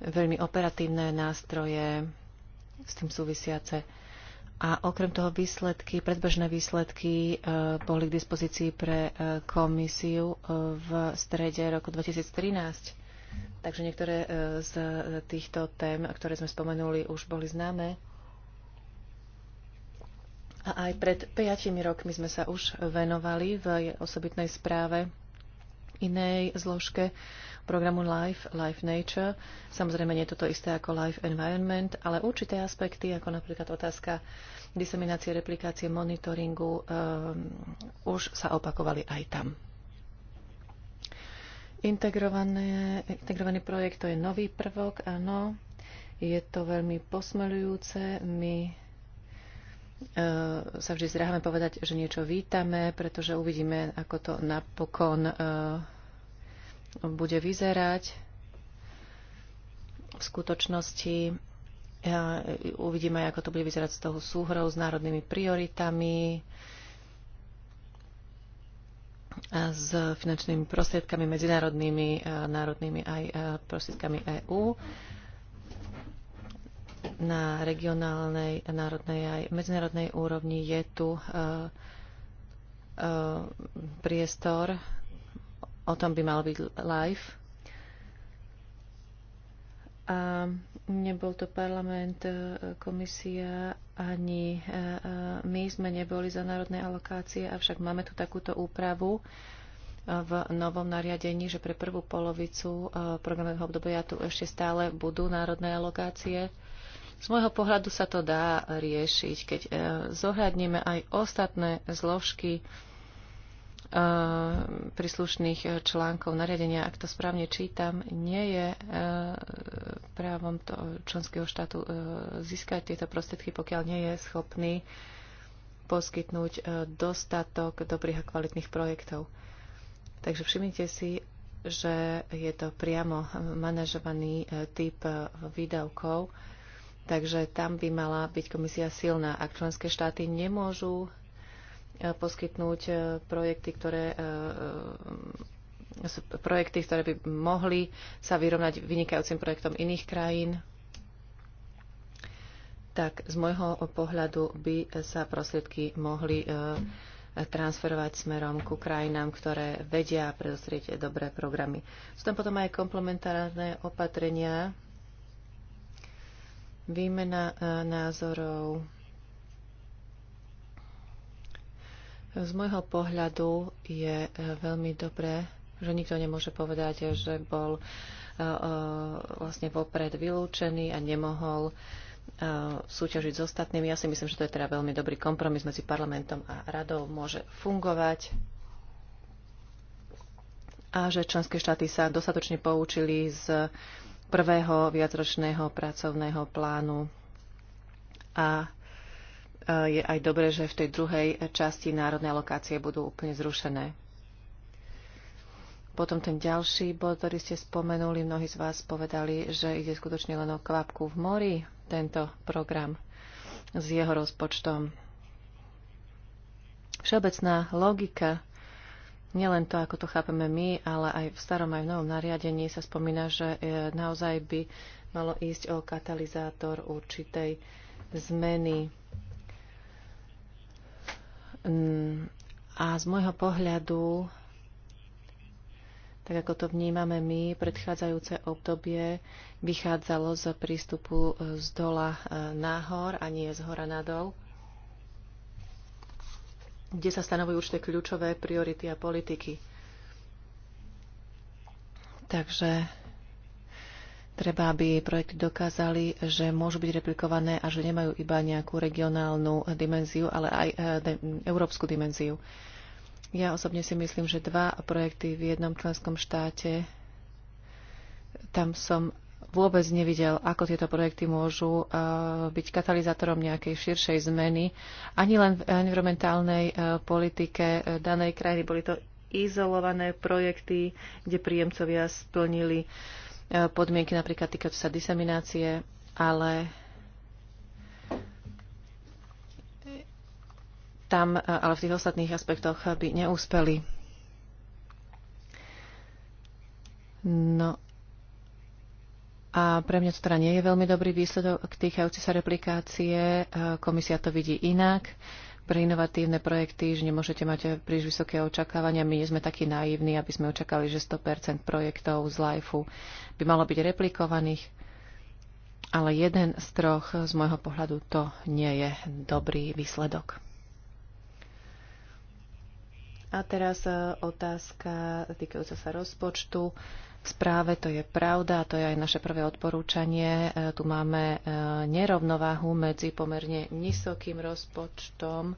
veľmi operatívne nástroje s tým súvisiace. A okrem toho výsledky, predbežné výsledky e, boli k dispozícii pre e, komisiu e, v strede roku 2013. Takže niektoré z týchto tém, ktoré sme spomenuli, už boli známe. A aj pred 5 rokmi sme sa už venovali v osobitnej správe inej zložke programu Life, Life Nature. Samozrejme, nie je toto isté ako Life Environment, ale určité aspekty, ako napríklad otázka diseminácie, replikácie, monitoringu, um, už sa opakovali aj tam. Integrované, integrovaný projekt to je nový prvok, áno. Je to veľmi posmelujúce. My ehm, sa vždy zdráhame povedať, že niečo vítame, pretože uvidíme, ako to napokon ehm, bude vyzerať. V skutočnosti uvidíme, ako to bude vyzerať z toho súhrou, s národnými prioritami, a s finančnými prostriedkami medzinárodnými, národnými aj prostriedkami EÚ na regionálnej, národnej aj medzinárodnej úrovni je tu priestor O tom by mal byť live. A nebol to parlament, e, komisia, ani e, e, my sme neboli za národné alokácie, avšak máme tu takúto úpravu v novom nariadení, že pre prvú polovicu programového obdobia tu ešte stále budú národné alokácie. Z môjho pohľadu sa to dá riešiť, keď zohľadníme aj ostatné zložky Eh, príslušných eh, článkov nariadenia, ak to správne čítam, nie je eh, právom to členského štátu získať tieto prostriedky, pokiaľ nie je schopný poskytnúť dostatok dobrých a kvalitných projektov. Takže všimnite si, že je to priamo manažovaný typ výdavkov, takže tam by mala byť komisia silná. Ak členské štáty nemôžu Eh, poskytnúť eh, projekty, ktoré eh, projekty, ktoré by mohli sa vyrovnať vynikajúcim projektom iných krajín, tak z môjho pohľadu by sa prostriedky mohli transferovať smerom ku krajinám, ktoré vedia predostrieť dobré programy. Sú tam potom aj komplementárne opatrenia, výmena názorov, Z môjho pohľadu je e, veľmi dobré, že nikto nemôže povedať, že bol e, e, vlastne vopred vylúčený a nemohol súťažiť s ostatnými. Ja si myslím, že to je teda veľmi dobrý kompromis medzi parlamentom a radou. Môže fungovať a že členské štáty sa dostatočne poučili z prvého viacročného pracovného plánu a je aj dobré, že v tej druhej časti národné lokácie budú úplne zrušené. Potom ten ďalší bod, ktorý ste spomenuli, mnohí z vás povedali, že ide skutočne len o kvapku v mori, tento program s jeho rozpočtom. Všeobecná logika, nielen to, ako to chápeme my, ale aj v starom aj v novom nariadení sa spomína, že e, naozaj by malo ísť o katalizátor určitej zmeny Mm, a z môjho pohľadu, tak ako to vnímame my, predchádzajúce obdobie vychádzalo z prístupu e, z dola e, nahor a nie z hora nadol kde sa stanovujú určité kľúčové priority a politiky. Takže Treba, aby projekty dokázali, že môžu byť replikované a že nemajú iba nejakú regionálnu dimenziu, ale aj e, európsku dimenziu. Ja osobne si myslím, že dva projekty v jednom členskom štáte, tam som vôbec nevidel, ako tieto projekty môžu e, byť katalizátorom nejakej širšej zmeny, ani len v environmentálnej e, politike danej krajiny. Boli to izolované projekty, kde príjemcovia splnili uh, E, podmienky napríklad týkajúce sa diseminácie, ale tam, e, ale v tých ostatných aspektoch by neúspeli. No a pre mňa to teda nie je veľmi dobrý výsledok týkajúci sa replikácie. E, komisia to vidí inak. Uh, pre inovatívne projekty, že nemôžete mať príliš vysoké očakávania. My nie sme takí naivní, aby sme očakali, že 100% projektov z LIFE by malo byť replikovaných. Ale jeden z troch z môjho pohľadu to nie je dobrý výsledok. A teraz eh, otázka týkajúca sa rozpočtu správe, to je pravda, a to je aj naše prvé odporúčanie. E, tu máme e, nerovnováhu medzi pomerne vysokým rozpočtom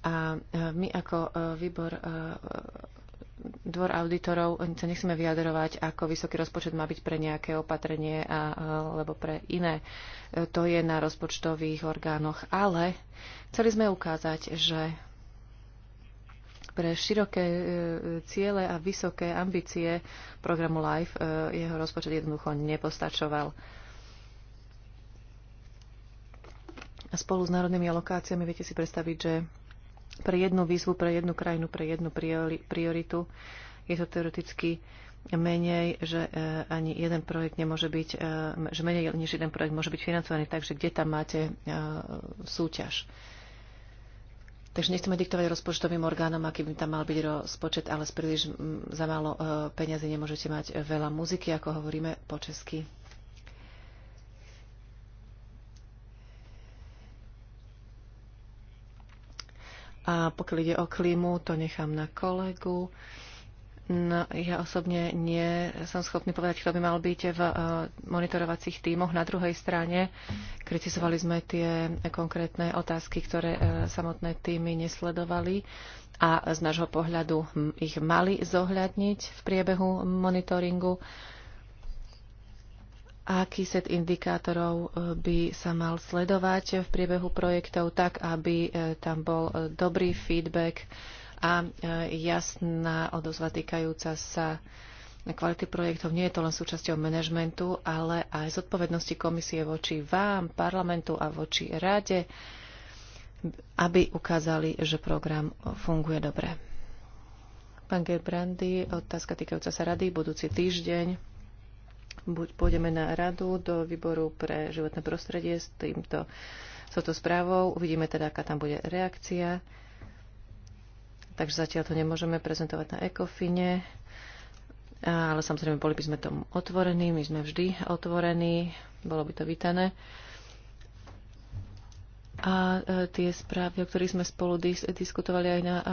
a e, my ako výbor dvor auditorov sa nechceme vyjadrovať, ako vysoký rozpočet má byť pre nejaké opatrenie alebo pre iné. To je na rozpočtových orgánoch. Ale chceli sme ukázať, že pre široké e, ciele a vysoké ambície programu LIFE e, jeho rozpočet jednoducho nepostačoval. A spolu s národnými alokáciami viete si predstaviť, že pre jednu výzvu, pre jednu krajinu, pre jednu prioritu je to teoreticky menej, že e, ani jeden projekt nemôže byť, že menej než jeden projekt môže byť financovaný, takže kde tam máte súťaž. Takže nechceme diktovať rozpočtovým orgánom, aký by tam mal byť rozpočet, ale z príliš za málo e, peniazy nemôžete mať veľa muziky, ako hovoríme po česky. A pokiaľ ide o klímu, to nechám na kolegu. No, ja osobne nie som schopný povedať, kto by mal byť v eh, monitorovacích tímoch. Na druhej strane kritizovali sme tie konkrétne otázky, ktoré eh, samotné týmy nesledovali a z nášho pohľadu hm, ich mali zohľadniť v priebehu monitoringu. Aký set indikátorov eh, by sa mal sledovať v priebehu projektov tak, aby tam bol dobrý feedback a e, jasná odozva týkajúca sa kvality projektov. Nie je to len súčasťou manažmentu, ale aj zodpovednosti komisie voči vám, parlamentu a voči rade, aby ukázali, že program funguje dobre. Pán Gerbrandy, otázka týkajúca sa rady, budúci týždeň. Buď pôjdeme na radu do výboru pre životné prostredie s týmto s touto správou. Uvidíme teda, aká tam bude reakcia takže zatiaľ to nemôžeme prezentovať na ECOFINE, ale samozrejme boli by sme tomu otvorení, my sme vždy otvorení, bolo by to vítané. A e, tie správy, o ktorých sme spolu dis- diskutovali aj na e,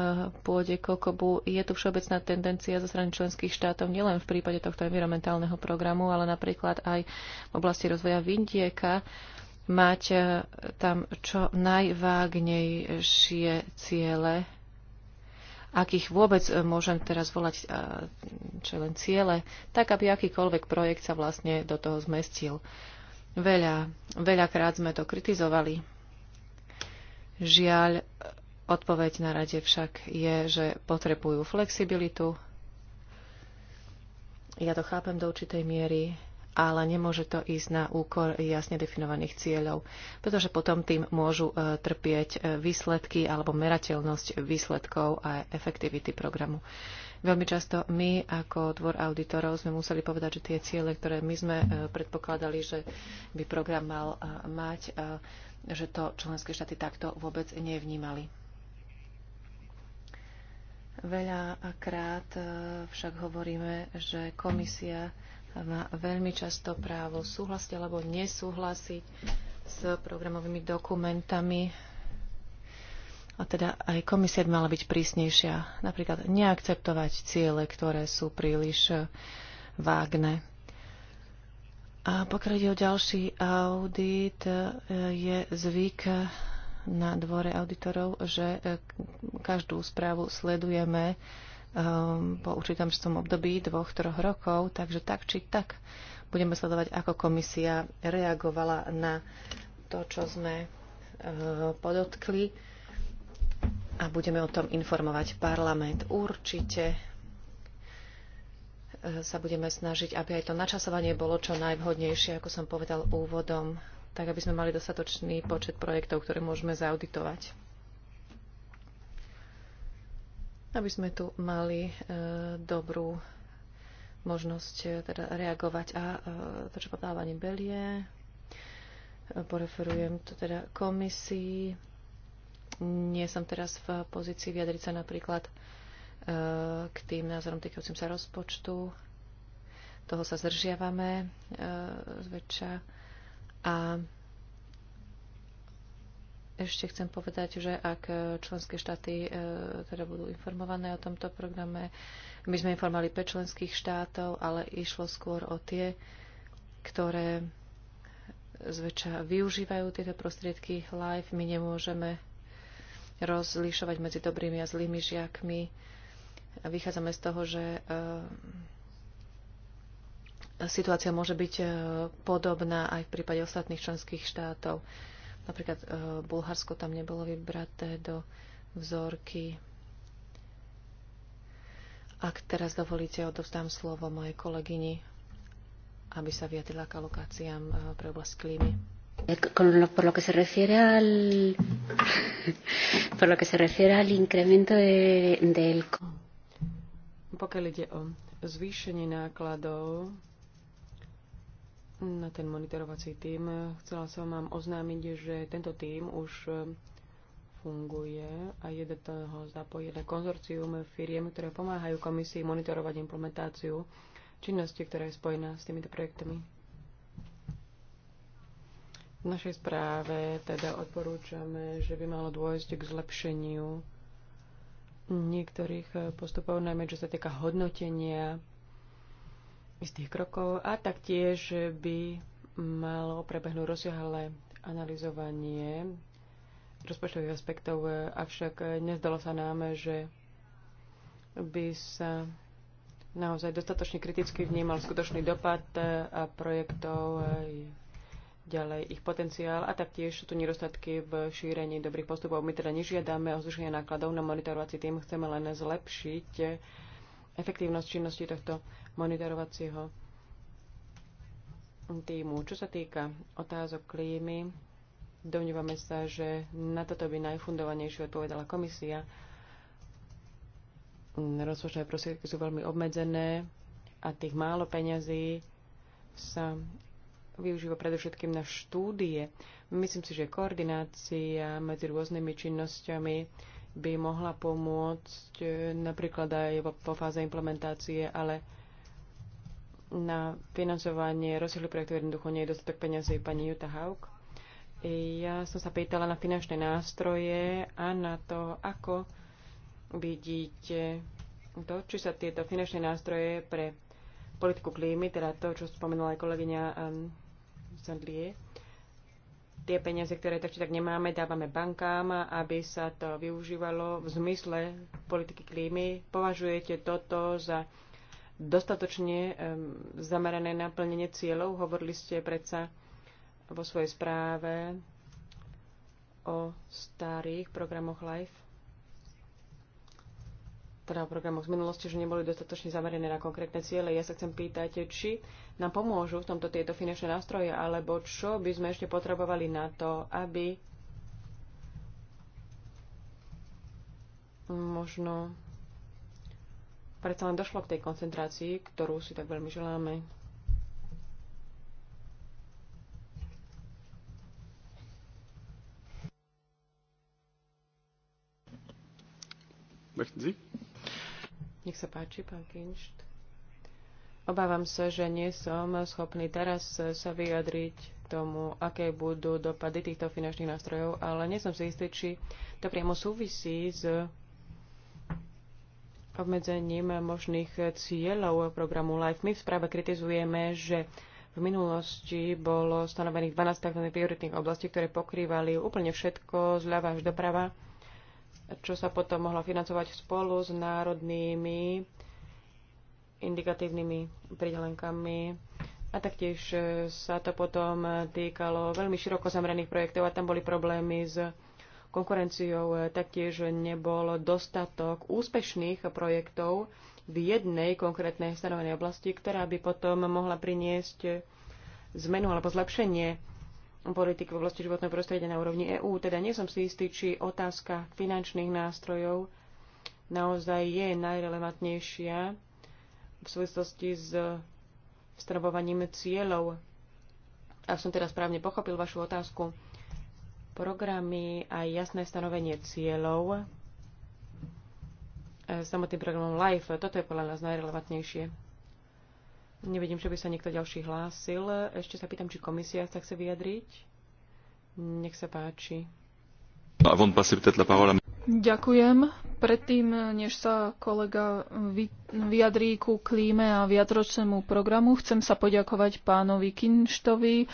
pôde Kokobu, je tu všeobecná tendencia zo strany členských štátov nielen v prípade tohto environmentálneho programu, ale napríklad aj v oblasti rozvoja Vindieka mať e, tam čo najvágnejšie ciele ak ich vôbec e, môžem teraz volať e, čo len ciele, tak aby akýkoľvek projekt sa vlastne do toho zmestil. Veľa, veľakrát sme to kritizovali. Žiaľ, odpoveď na rade však je, že potrebujú flexibilitu. Ja to chápem do určitej miery, ale nemôže to ísť na úkor jasne definovaných cieľov, pretože potom tým môžu e, trpieť e, výsledky alebo merateľnosť výsledkov a efektivity programu. Veľmi často my ako dvor auditorov sme museli povedať, že tie ciele, ktoré my sme e, predpokladali, že by program mal mať, že to členské štáty takto vôbec nevnímali. krát však hovoríme, že komisia má veľmi často právo súhlasiť alebo nesúhlasiť s programovými dokumentami. A teda aj komisia by mala byť prísnejšia. Napríklad neakceptovať ciele, ktoré sú príliš eh, vágne. A pokiaľ ide o ďalší audit, eh, je zvyk na dvore auditorov, že eh, každú správu sledujeme Ehm, po určitom čtom období dvoch, troch rokov, takže tak či tak budeme sledovať, ako komisia reagovala na to, čo sme eh, podotkli a budeme o tom informovať parlament. Určite eh, sa budeme snažiť, aby aj to načasovanie bolo čo najvhodnejšie, ako som povedal úvodom, tak aby sme mali dostatočný počet projektov, ktoré môžeme zauditovať. aby sme tu mali e, dobrú možnosť e, teda reagovať a e, to, čo povedala pani Belie, poreferujem to teda komisii. Nie som teraz v pozícii vyjadriť sa napríklad k tým názorom týkajúcim sa rozpočtu. Toho sa zdržiavame zväčša. A ešte chcem povedať, že ak e, členské štáty e, teda budú informované o tomto programe, my sme informovali 5 členských štátov, ale išlo skôr o tie, ktoré zväčša využívajú tieto prostriedky live. My nemôžeme rozlišovať medzi dobrými a zlými žiakmi. Vychádzame z toho, že e, situácia môže byť podobná aj v prípade ostatných členských štátov. Napríklad e, Bulharsko tam nebolo vybraté do vzorky. Ak teraz dovolíte, odovzdám slovo mojej kolegyni, aby sa vyjadrila k alokáciám e, pre oblasť klímy. Eh, con lo, por lo que se refiere al por lo que se refiere al incremento de, del pokiaľ ide o zvýšenie nákladov na ten monitorovací tím. Eh, chcela som vám oznámiť, že tento tím už eh, funguje a je do toho zapojené konzorcium firiem, ktoré pomáhajú komisii monitorovať implementáciu činnosti, ktorá je spojená s týmito projektami. V našej správe teda odporúčame, že by malo dôjsť k zlepšeniu niektorých eh, postupov, najmä čo sa týka hodnotenia istých krokov a taktiež by malo prebehnúť rozsiahle analyzovanie rozpočtových aspektov, avšak nezdalo sa nám, že by sa naozaj dostatočne kriticky vnímal skutočný dopad e, a projektov, e, ďalej ich potenciál a taktiež sú tu nedostatky v šírení dobrých postupov. My teda nežiadame o zrušenie nákladov na monitorovací tým, chceme len zlepšiť e, efektívnosť činnosti tohto monitorovacieho týmu. Čo sa týka otázok klímy, domnívame sa, že na toto by najfundovanejšie odpovedala komisia. Rozpočtové prostriedky sú veľmi obmedzené a tých málo peňazí sa využíva predovšetkým na štúdie. Myslím si, že koordinácia medzi rôznymi činnosťami by mohla pomôcť e, napríklad aj po fáze implementácie, ale na financovanie rozsiahlu projektov jednoducho nie je dostatok peniazy pani Juta Haug. E, ja som sa pýtala na finančné nástroje a na to, ako vidíte to, či sa tieto finančné nástroje pre politiku klímy, teda to, čo spomenula aj kolegyňa um, Sandlie, tie peniaze, ktoré tak či tak nemáme, dávame bankám, aby sa to využívalo v zmysle politiky klímy. Považujete toto za dostatočne zamerané na plnenie cieľov? Hovorili ste predsa vo svojej správe o starých programoch LIFE, teda o programoch z minulosti, že neboli dostatočne zamerané na konkrétne ciele. Ja sa chcem pýtať, či nám pomôžu v tomto tieto finančné nástroje, alebo čo by sme ešte potrebovali na to, aby možno predsa len došlo k tej koncentrácii, ktorú si tak veľmi želáme. Möchten Sie? Nech sa páči, pán Kinšt. Obávam sa, že nie som schopný teraz sa vyjadriť tomu, aké budú dopady týchto finančných nástrojov, ale nie som si istý, či to priamo súvisí s obmedzením možných cieľov programu LIFE. My v správe kritizujeme, že v minulosti bolo stanovených 12 tzv. prioritných oblastí, ktoré pokrývali úplne všetko zľava až doprava, čo sa potom mohlo financovať spolu s národnými indikatívnymi pridelenkami. A taktiež e, sa to potom týkalo veľmi široko zameraných projektov a tam boli problémy s konkurenciou. E, taktiež nebol dostatok úspešných projektov v jednej konkrétnej stanovenej oblasti, ktorá by potom mohla priniesť zmenu alebo zlepšenie politiky v oblasti životného prostredia na úrovni EÚ. Teda nie som si istý, či otázka finančných nástrojov naozaj je najrelevantnejšia v súvislosti s stravovaním cieľov. Ak som teraz správne pochopil vašu otázku, programy a jasné stanovenie cieľov e, samotným programom LIFE, toto je podľa nás najrelevantnejšie. Nevidím, že by sa niekto ďalší hlásil. Ešte sa pýtam, či komisia sa chce vyjadriť. Nech sa páči. Ďakujem. Predtým, než sa kolega vyjadrí ku klíme a viacročnému programu, chcem sa poďakovať pánovi Kinštovi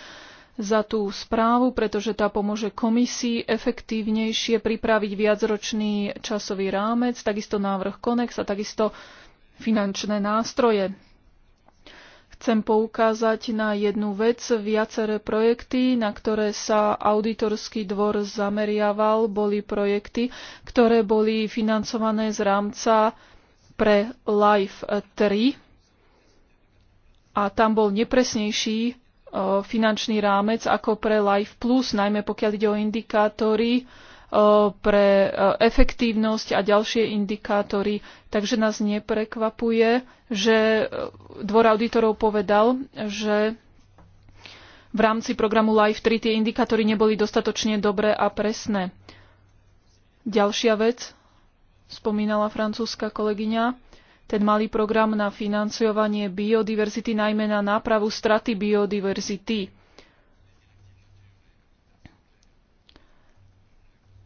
za tú správu, pretože tá pomôže komisii efektívnejšie pripraviť viacročný časový rámec, takisto návrh Konex a takisto finančné nástroje. Chcem poukázať na jednu vec. Viaceré projekty, na ktoré sa auditorský dvor zameriaval, boli projekty, ktoré boli financované z rámca pre LIFE 3 a tam bol nepresnejší e, finančný rámec ako pre LIFE Plus, najmä pokiaľ ide o indikátory, pre efektívnosť a ďalšie indikátory. Takže nás neprekvapuje, že e, dvor auditorov povedal, že v rámci programu LIFE 3 tie indikátory neboli dostatočne dobré a presné. Ďalšia vec, spomínala francúzska kolegyňa, ten malý program na financovanie biodiverzity, najmä na nápravu straty biodiverzity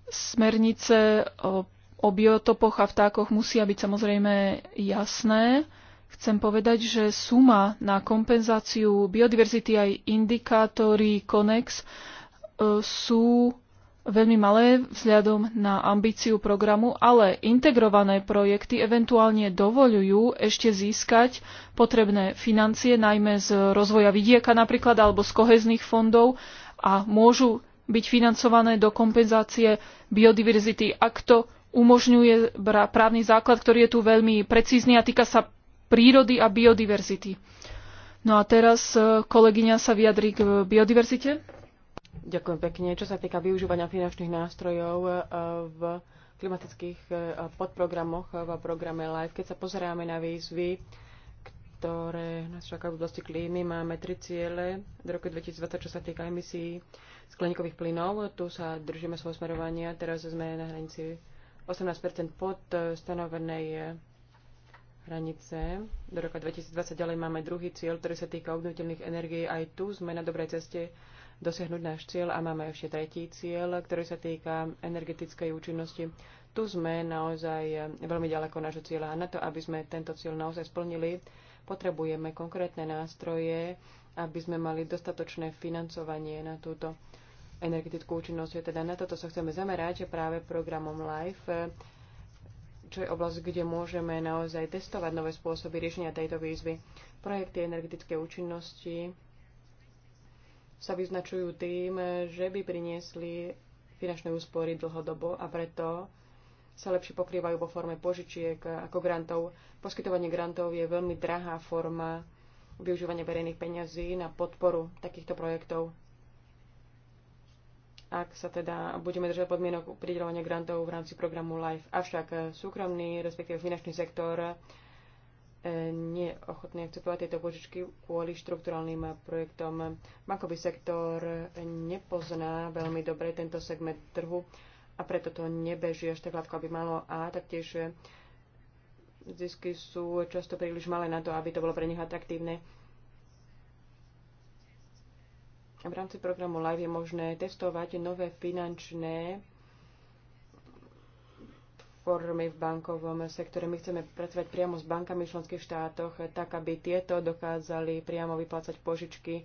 Smernice o, o biotopoch a vtákoch musia byť samozrejme jasné. Chcem povedať, že suma na kompenzáciu biodiverzity aj indikátory CONEX e, sú veľmi malé vzhľadom na ambíciu programu, ale integrované projekty eventuálne dovolujú ešte získať potrebné financie, najmä z rozvoja vidieka napríklad alebo z kohezných fondov a môžu byť financované do kompenzácie biodiverzity, ak to umožňuje právny základ, ktorý je tu veľmi precízny a týka sa prírody a biodiverzity. No a teraz e, kolegyňa sa vyjadrí k biodiverzite. Ďakujem pekne. Čo sa týka využívania finančných nástrojov e, v klimatických e, podprogramoch v programe LIFE, keď sa pozeráme na výzvy, ktoré nás čakajú v oblasti klímy, máme tri ciele do roku 2020, čo sa týka emisí skleníkových plynov. Tu sa držíme svoje smerovania. Teraz sme na hranici 18 pod eh, stanovenej eh, hranice. Do roka 2020 ďalej máme druhý cieľ, ktorý sa týka obnoviteľných energií. Aj tu sme na dobrej ceste dosiahnuť náš cieľ a máme ešte tretí cieľ, ktorý sa týka energetickej účinnosti. Tu sme naozaj eh, veľmi ďaleko nášho cieľa a na to, aby sme tento cieľ naozaj splnili, potrebujeme konkrétne nástroje, aby sme mali dostatočné financovanie na túto energetickú účinnosť. Teda na toto sa chceme zamerať práve programom LIFE, čo je oblasť, kde môžeme naozaj testovať nové spôsoby riešenia tejto výzvy. Projekty energetické účinnosti sa vyznačujú tým, že by priniesli finančné úspory dlhodobo a preto sa lepšie pokrývajú vo forme požičiek ako grantov. Poskytovanie grantov je veľmi drahá forma využívanie verejných peňazí na podporu takýchto projektov. Ak sa teda budeme držať podmienok pridelovania grantov v rámci programu LIFE, avšak súkromný, respektíve finančný sektor e, nie je ochotný akceptovať tieto požičky kvôli štrukturálnym projektom. Bankový sektor nepozná veľmi dobre tento segment trhu a preto to nebeží až tak hladko, aby malo a taktiež Zisky sú často príliš malé na to, aby to bolo pre nich atraktívne. V rámci programu Live je možné testovať nové finančné formy v bankovom sektore. My chceme pracovať priamo s bankami v členských štátoch, tak aby tieto dokázali priamo vyplácať požičky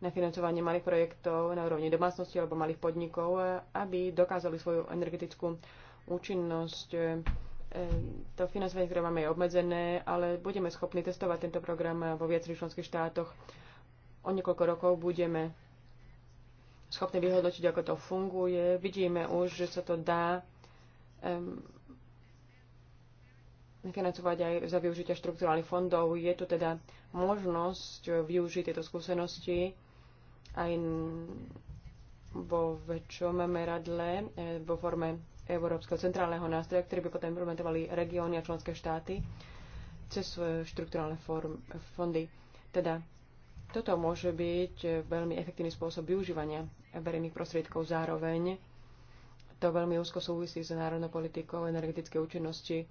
na financovanie malých projektov na úrovni domácnosti alebo malých podnikov, aby dokázali svoju energetickú účinnosť to financovanie, ktoré máme, je obmedzené, ale budeme schopní testovať tento program vo viacerých členských štátoch. O niekoľko rokov budeme schopní vyhodnotiť, ako to funguje. Vidíme už, že sa to dá um, financovať aj za využitia štrukturálnych fondov. Je tu teda možnosť využiť tieto skúsenosti aj vo väčšom meradle, e, vo forme Európskeho centrálneho nástroja, ktorý by potom implementovali regióny a členské štáty cez štrukturálne fondy. Teda toto môže byť veľmi efektívny spôsob využívania verejných prostriedkov. Zároveň to veľmi úzko súvisí s národnou politikou energetickej účinnosti.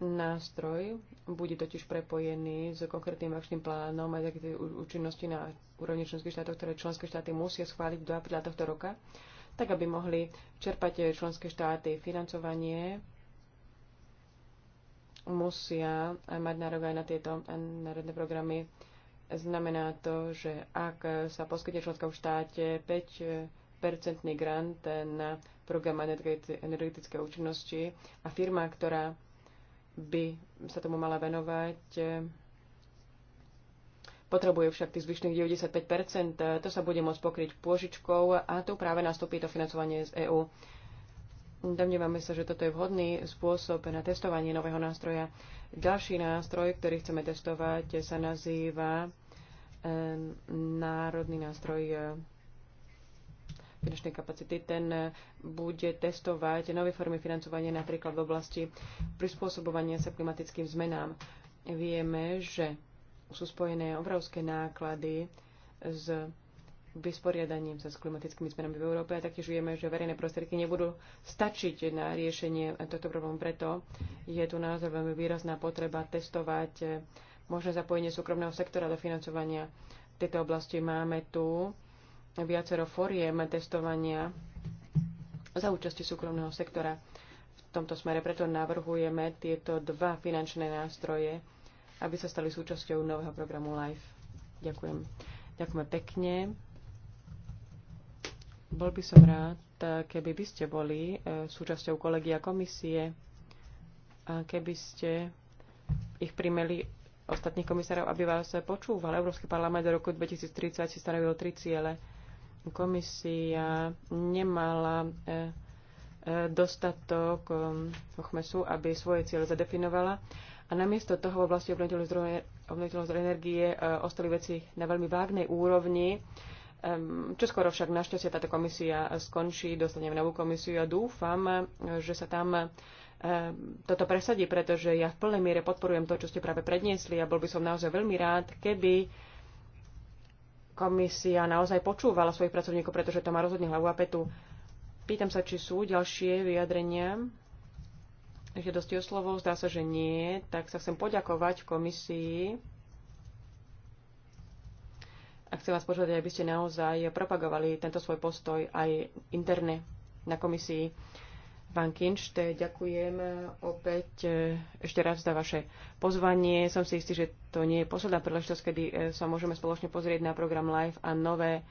Nástroj bude totiž prepojený s konkrétnym akčným plánom energetickej účinnosti na úrovni členských štátov, ktoré členské štáty musia schváliť do apríla tohto roka tak aby mohli čerpať členské štáty financovanie musia mať nárok aj na tieto národné programy. Znamená to, že ak sa poskytne členskom štáte 5-percentný grant na program energetické účinnosti a firma, ktorá by sa tomu mala venovať, Potrebuje však tých zvyšných 95%, to sa bude môcť pokryť pôžičkou a tu práve nastúpi to financovanie z EÚ. Domnievame sa, že toto je vhodný spôsob na testovanie nového nástroja. Ďalší nástroj, ktorý chceme testovať, sa nazýva e, Národný nástroj e, finančnej kapacity, ten bude testovať nové formy financovania napríklad v oblasti prispôsobovania sa klimatickým zmenám. Vieme, že sú spojené obrovské náklady s vysporiadaním sa s klimatickými zmenami v Európe a taktiež vieme, že verejné prostriedky nebudú stačiť na riešenie tohto problému. Preto je tu naozaj veľmi výrazná potreba testovať možné zapojenie súkromného sektora do financovania v tejto oblasti. Máme tu viacero foriem testovania za účasti súkromného sektora. V tomto smere preto navrhujeme tieto dva finančné nástroje, aby sa stali súčasťou nového programu LIFE. Ďakujem. Ďakujeme pekne. Bol by som rád, keby by ste boli e, súčasťou kolegia komisie a keby ste ich primeli ostatných komisárov, aby vás počúval. Európsky parlament do roku 2030 si stanovil tri ciele. Komisia nemala e, e, dostatok chmesu, aby svoje ciele zadefinovala a namiesto toho v oblasti obnoviteľov zdroje energie e, ostali veci na veľmi vágnej úrovni. Čo skoro však našťastie táto komisia skončí, dostaneme novú komisiu a dúfam, že sa tam e, toto presadí, pretože ja v plnej miere podporujem to, čo ste práve predniesli a bol by som naozaj veľmi rád, keby komisia naozaj počúvala svojich pracovníkov, pretože to má rozhodne hlavu a petu. Pýtam sa, či sú ďalšie vyjadrenia. Takže dosť oslovov, Zdá sa, že nie. Tak sa chcem poďakovať komisii a chcem vás požiadať, aby ste naozaj propagovali tento svoj postoj aj interne na komisii. Pán Kinšte, ďakujem opäť eh, ešte raz za vaše pozvanie. Som si istý, že to nie je posledná príležitosť, kedy eh, sa môžeme spoločne pozrieť na program Live a nové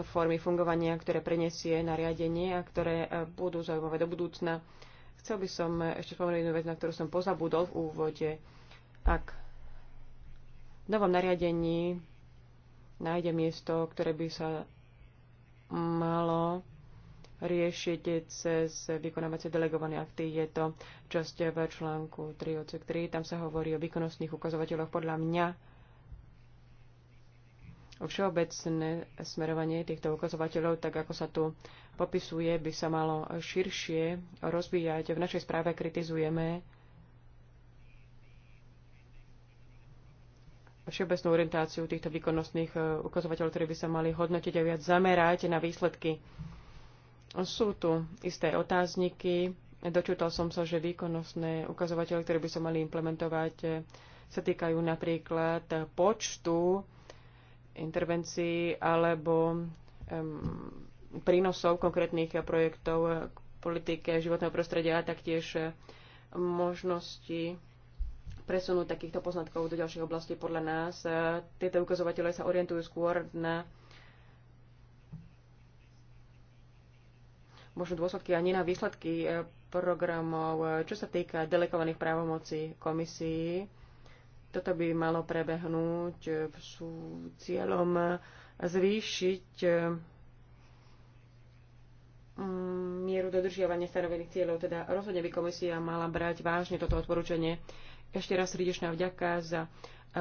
formy fungovania, ktoré prenesie nariadenie a ktoré e, budú zaujímavé do budúcna. Chcel by som ešte spomenúť jednu vec, na ktorú som pozabudol v úvode. Ak v novom nariadení nájde miesto, ktoré by sa malo riešiť cez vykonávacie delegované akty. Je to časť v článku 3 3. Tam sa hovorí o výkonnostných ukazovateľoch. Podľa mňa Všeobecné smerovanie týchto ukazovateľov, tak ako sa tu popisuje, by sa malo širšie rozvíjať. V našej správe kritizujeme všeobecnú orientáciu týchto výkonnostných eh, ukazovateľov, ktoré by sa mali hodnotiť a viac zamerať na výsledky. Sú tu isté otázniky. Dočútal som sa, že výkonnostné ukazovateľe, ktoré by sa mali implementovať, eh, sa týkajú napríklad počtu intervencií alebo prínosov konkrétnych projektov k politike životného prostredia a taktiež eh, možnosti presunúť takýchto poznatkov do ďalších oblastí podľa nás. Eh, tieto ukazovatele sa orientujú skôr na možno dôsledky a nie na výsledky eh, programov, čo sa týka delegovaných právomocí komisii toto by malo prebehnúť e, v sú cieľom e, zvýšiť e, mm, mieru dodržiavania stanovených cieľov. Teda rozhodne by komisia mala brať vážne toto odporúčanie. Ešte raz srdečná vďaka za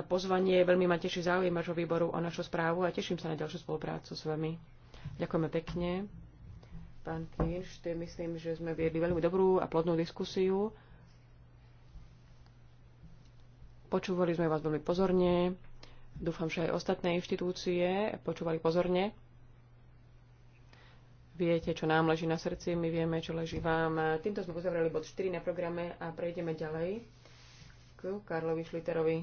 pozvanie. Veľmi ma teší záujem vášho výboru o našu správu a teším sa na ďalšiu spoluprácu s vami. Ďakujeme pekne. Pán Klinš, myslím, že sme viedli veľmi dobrú a plodnú diskusiu. Počúvali sme vás veľmi pozorne. Dúfam, že aj ostatné inštitúcie počúvali pozorne. Viete, čo nám leží na srdci, my vieme, čo leží vám. Týmto sme uzavreli bod 4 na programe a prejdeme ďalej k Karlovi Šliterovi.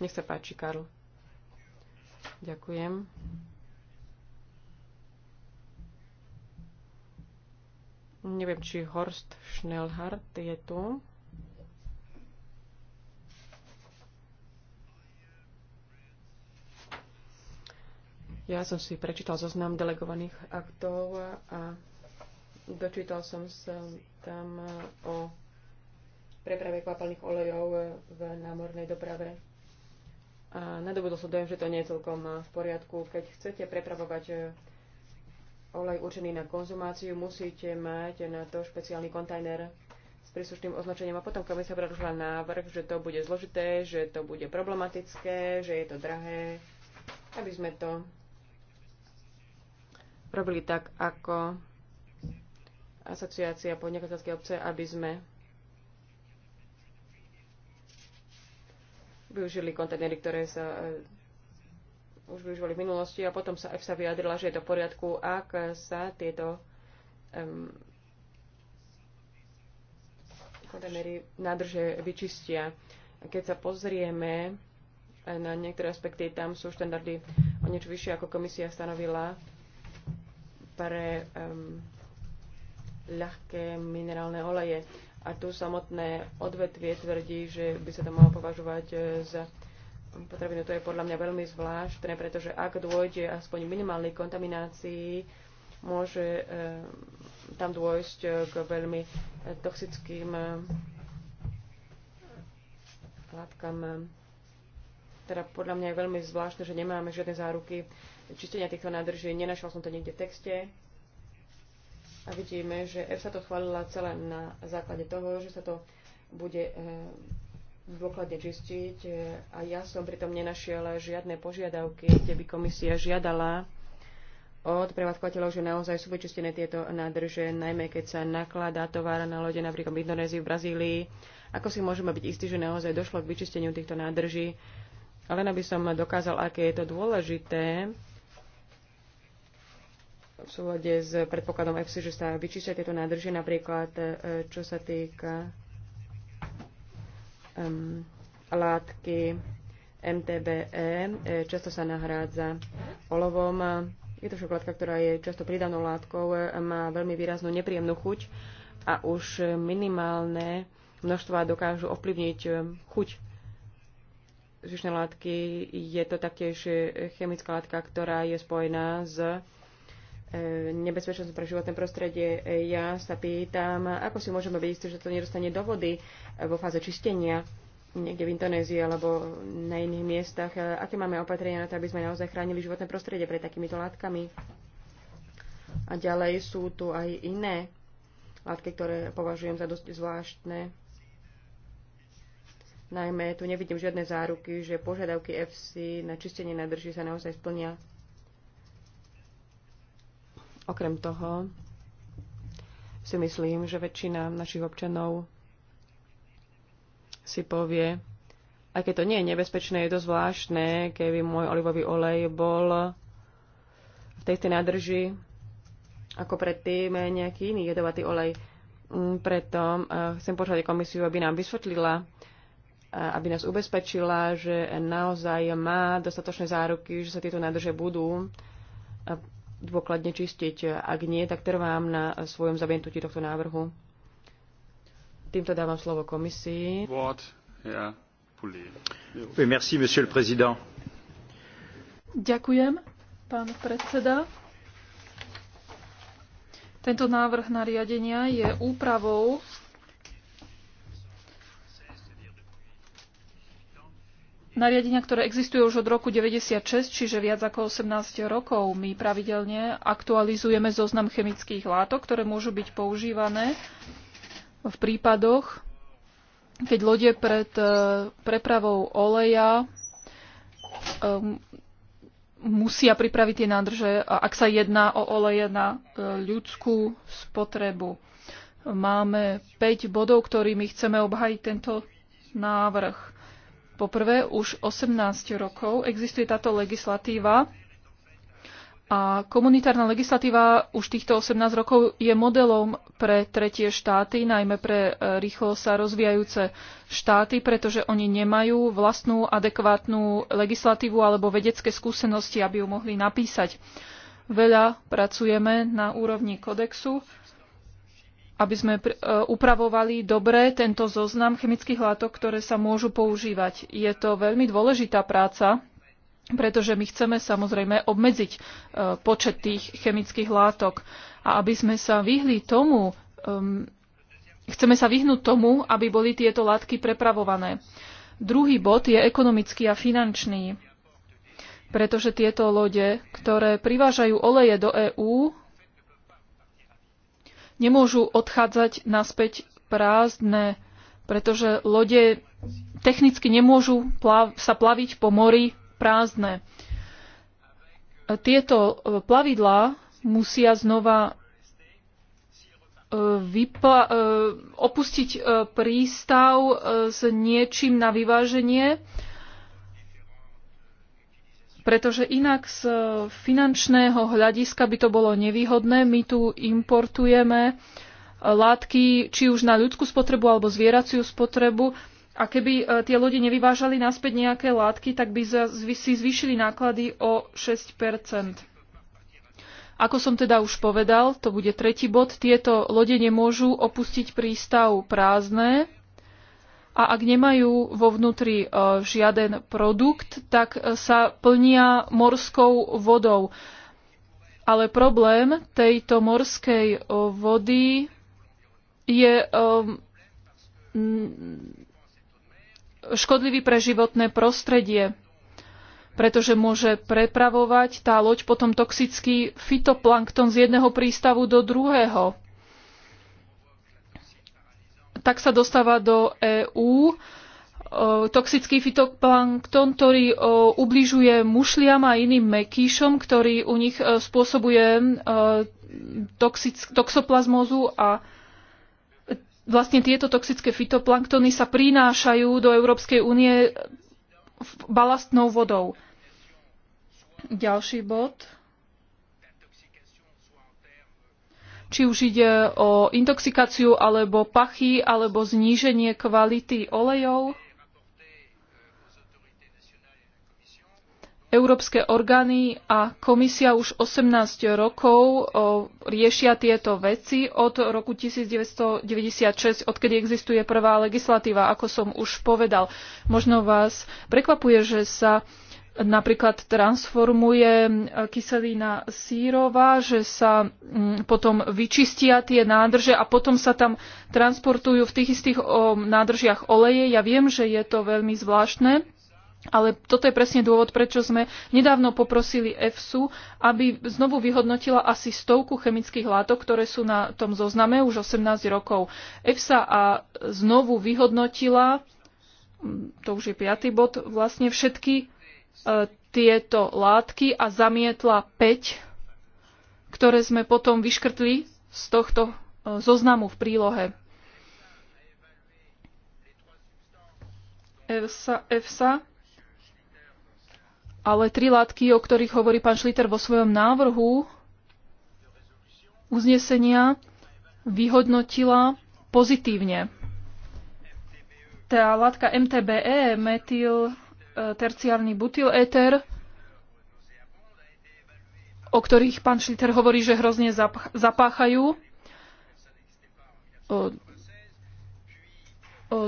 Nech sa páči, Karl. Ďakujem. Neviem, či Horst Schnellhardt je tu. Ja som si prečítal zoznam delegovaných aktov a dočítal som sa tam o preprave kvapalných olejov v námornej doprave. A nadobudol som dojem, že to nie je celkom v poriadku. Keď chcete prepravovať olej určený na konzumáciu, musíte mať na to špeciálny kontajner s príslušným označením. A potom komisia predložila návrh, že to bude zložité, že to bude problematické, že je to drahé, aby sme to robili tak, ako asociácia podnikateľské obce, aby sme využili kontajnery, ktoré sa eh, už využívali v minulosti a potom sa EFSA vyjadrila, že je to v poriadku, ak sa tieto um, kontajnery nádrže vyčistia. Keď sa pozrieme eh, na niektoré aspekty, tam sú štandardy o niečo vyššie, ako komisia stanovila pre um, ľahké minerálne oleje. A tu samotné odvetvie tvrdí, že by sa to malo považovať e, za potravinu. To je podľa mňa veľmi zvláštne, pretože ak dôjde aspoň minimálnej kontaminácii, môže e, tam dôjsť e, k veľmi toxickým látkam. Teda podľa mňa je veľmi zvláštne, že nemáme žiadne záruky čistenia týchto nádrží. Nenašla som to niekde v texte. A vidíme, že sa to chválila celé na základe toho, že sa to bude eh, dôkladne čistiť a ja som pritom nenašiel žiadne požiadavky, kde by komisia žiadala od prevádzkovateľov, že naozaj sú vyčistené tieto nádrže, najmä keď sa nakladá tovar na lode napríklad v Indonézii, v Brazílii. Ako si môžeme byť istí, že naozaj došlo k vyčisteniu týchto nádrží? Ale aby som dokázal, aké je to dôležité, v súlade s predpokladom EFSI, že sa vyčíslia tieto nádrže, napríklad e, čo sa týka um, látky MTBE, e, často sa nahrádza olovom. Je to šokoládka, ktorá je často pridanou látkou, e, má veľmi výraznú nepríjemnú chuť a už minimálne množstva dokážu ovplyvniť chuť zvyšné látky. Je to taktiež chemická látka, ktorá je spojená s E, nebezpečnosť pre životné prostredie. E, ja sa pýtam, ako si môžeme byť istí, že to nedostane do vody e, vo fáze čistenia niekde v Indonézii alebo na iných miestach. Aké máme opatrenia na to, aby sme naozaj chránili životné prostredie pred takýmito látkami? A ďalej sú tu aj iné látky, ktoré považujem za dosť zvláštne. Najmä tu nevidím žiadne záruky, že požiadavky FC na čistenie nadrží sa naozaj splnia. Okrem toho si myslím, že väčšina našich občanov si povie, aj keď to nie je nebezpečné, je to zvláštne, keby môj olivový olej bol v tej nádrži ako predtým nejaký iný jedovatý olej. Mm, Preto eh, chcem požiadať komisiu, aby nám vysvetlila, eh, aby nás ubezpečila, že naozaj má dostatočné záruky, že sa tieto nádrže budú eh, dôkladne čistiť. Ak nie, tak trvám na svojom zavientutí tohto návrhu. Týmto dávam slovo komisii. Ďakujem, pán predseda. Tento návrh nariadenia je úpravou nariadenia, ktoré existujú už od roku 96, čiže viac ako 18 rokov. My pravidelne aktualizujeme zoznam chemických látok, ktoré môžu byť používané v prípadoch, keď lode pred e, prepravou oleja e, musia pripraviť tie nádrže, ak sa jedná o oleje na e, ľudskú spotrebu. Máme 5 bodov, ktorými chceme obhajiť tento návrh. Poprvé, už 18 rokov existuje táto legislatíva a komunitárna legislatíva už týchto 18 rokov je modelom pre tretie štáty, najmä pre e, rýchlo sa rozvíjajúce štáty, pretože oni nemajú vlastnú adekvátnu legislatívu alebo vedecké skúsenosti, aby ju mohli napísať. Veľa pracujeme na úrovni kodexu aby sme e, upravovali dobre tento zoznam chemických látok, ktoré sa môžu používať. Je to veľmi dôležitá práca, pretože my chceme samozrejme obmedziť e, počet tých chemických látok. A aby sme sa vyhli tomu, um, chceme sa vyhnúť tomu, aby boli tieto látky prepravované. Druhý bod je ekonomický a finančný, pretože tieto lode, ktoré privážajú oleje do EÚ, nemôžu odchádzať naspäť prázdne, pretože lode technicky nemôžu plav- sa plaviť po mori prázdne. E, tieto e, plavidlá musia znova e, vypla- opustiť prístav s niečím na vyváženie pretože inak z e, finančného hľadiska by to bolo nevýhodné. My tu importujeme e, látky či už na ľudskú spotrebu alebo zvieraciu spotrebu. A keby e, tie lode nevyvážali naspäť nejaké látky, tak by si zvýšili náklady o 6 Ako som teda už povedal, to bude tretí bod, tieto lode nemôžu opustiť prístav prázdne, a ak nemajú vo vnútri e, žiaden produkt, tak e, sa plnia morskou vodou. Ale problém tejto morskej e, vody je škodlivý pre životné prostredie, pretože môže prepravovať tá loď potom toxický fitoplankton z jedného prístavu do druhého tak sa dostáva do EÚ e, toxický fitoplankton, ktorý e, ubližuje mušliam a iným mekýšom, ktorý u nich e, spôsobuje toxic, a vlastne tieto toxické fitoplanktony sa prinášajú do Európskej únie balastnou vodou. Ďalší bod. či už ide o intoxikáciu alebo pachy alebo zníženie kvality olejov. Európske orgány a komisia už 18 rokov riešia tieto veci od roku 1996, odkedy existuje prvá legislatíva, ako som už povedal. Možno vás prekvapuje, že sa napríklad transformuje e, kyselina sírová, že sa mm, potom vyčistia tie nádrže a potom sa tam transportujú v tých istých nádržiach oleje. Ja viem, že je to veľmi zvláštne, ale toto je presne dôvod, prečo sme nedávno poprosili EFSU, aby znovu vyhodnotila asi stovku chemických látok, ktoré sú na tom zozname už 18 rokov. EFSA a znovu vyhodnotila, mm, to už je piatý bod, vlastne všetky tieto látky a zamietla 5, ktoré sme potom vyškrtli z tohto e, zoznamu v prílohe. EFSA, EFSA ale tri látky, o ktorých hovorí pán Šliter vo svojom návrhu uznesenia, vyhodnotila pozitívne. Tá látka MTBE, metyl E, terciárny butyléter, o ktorých pán Šliter hovorí, že hrozne zapáchajú. O, o,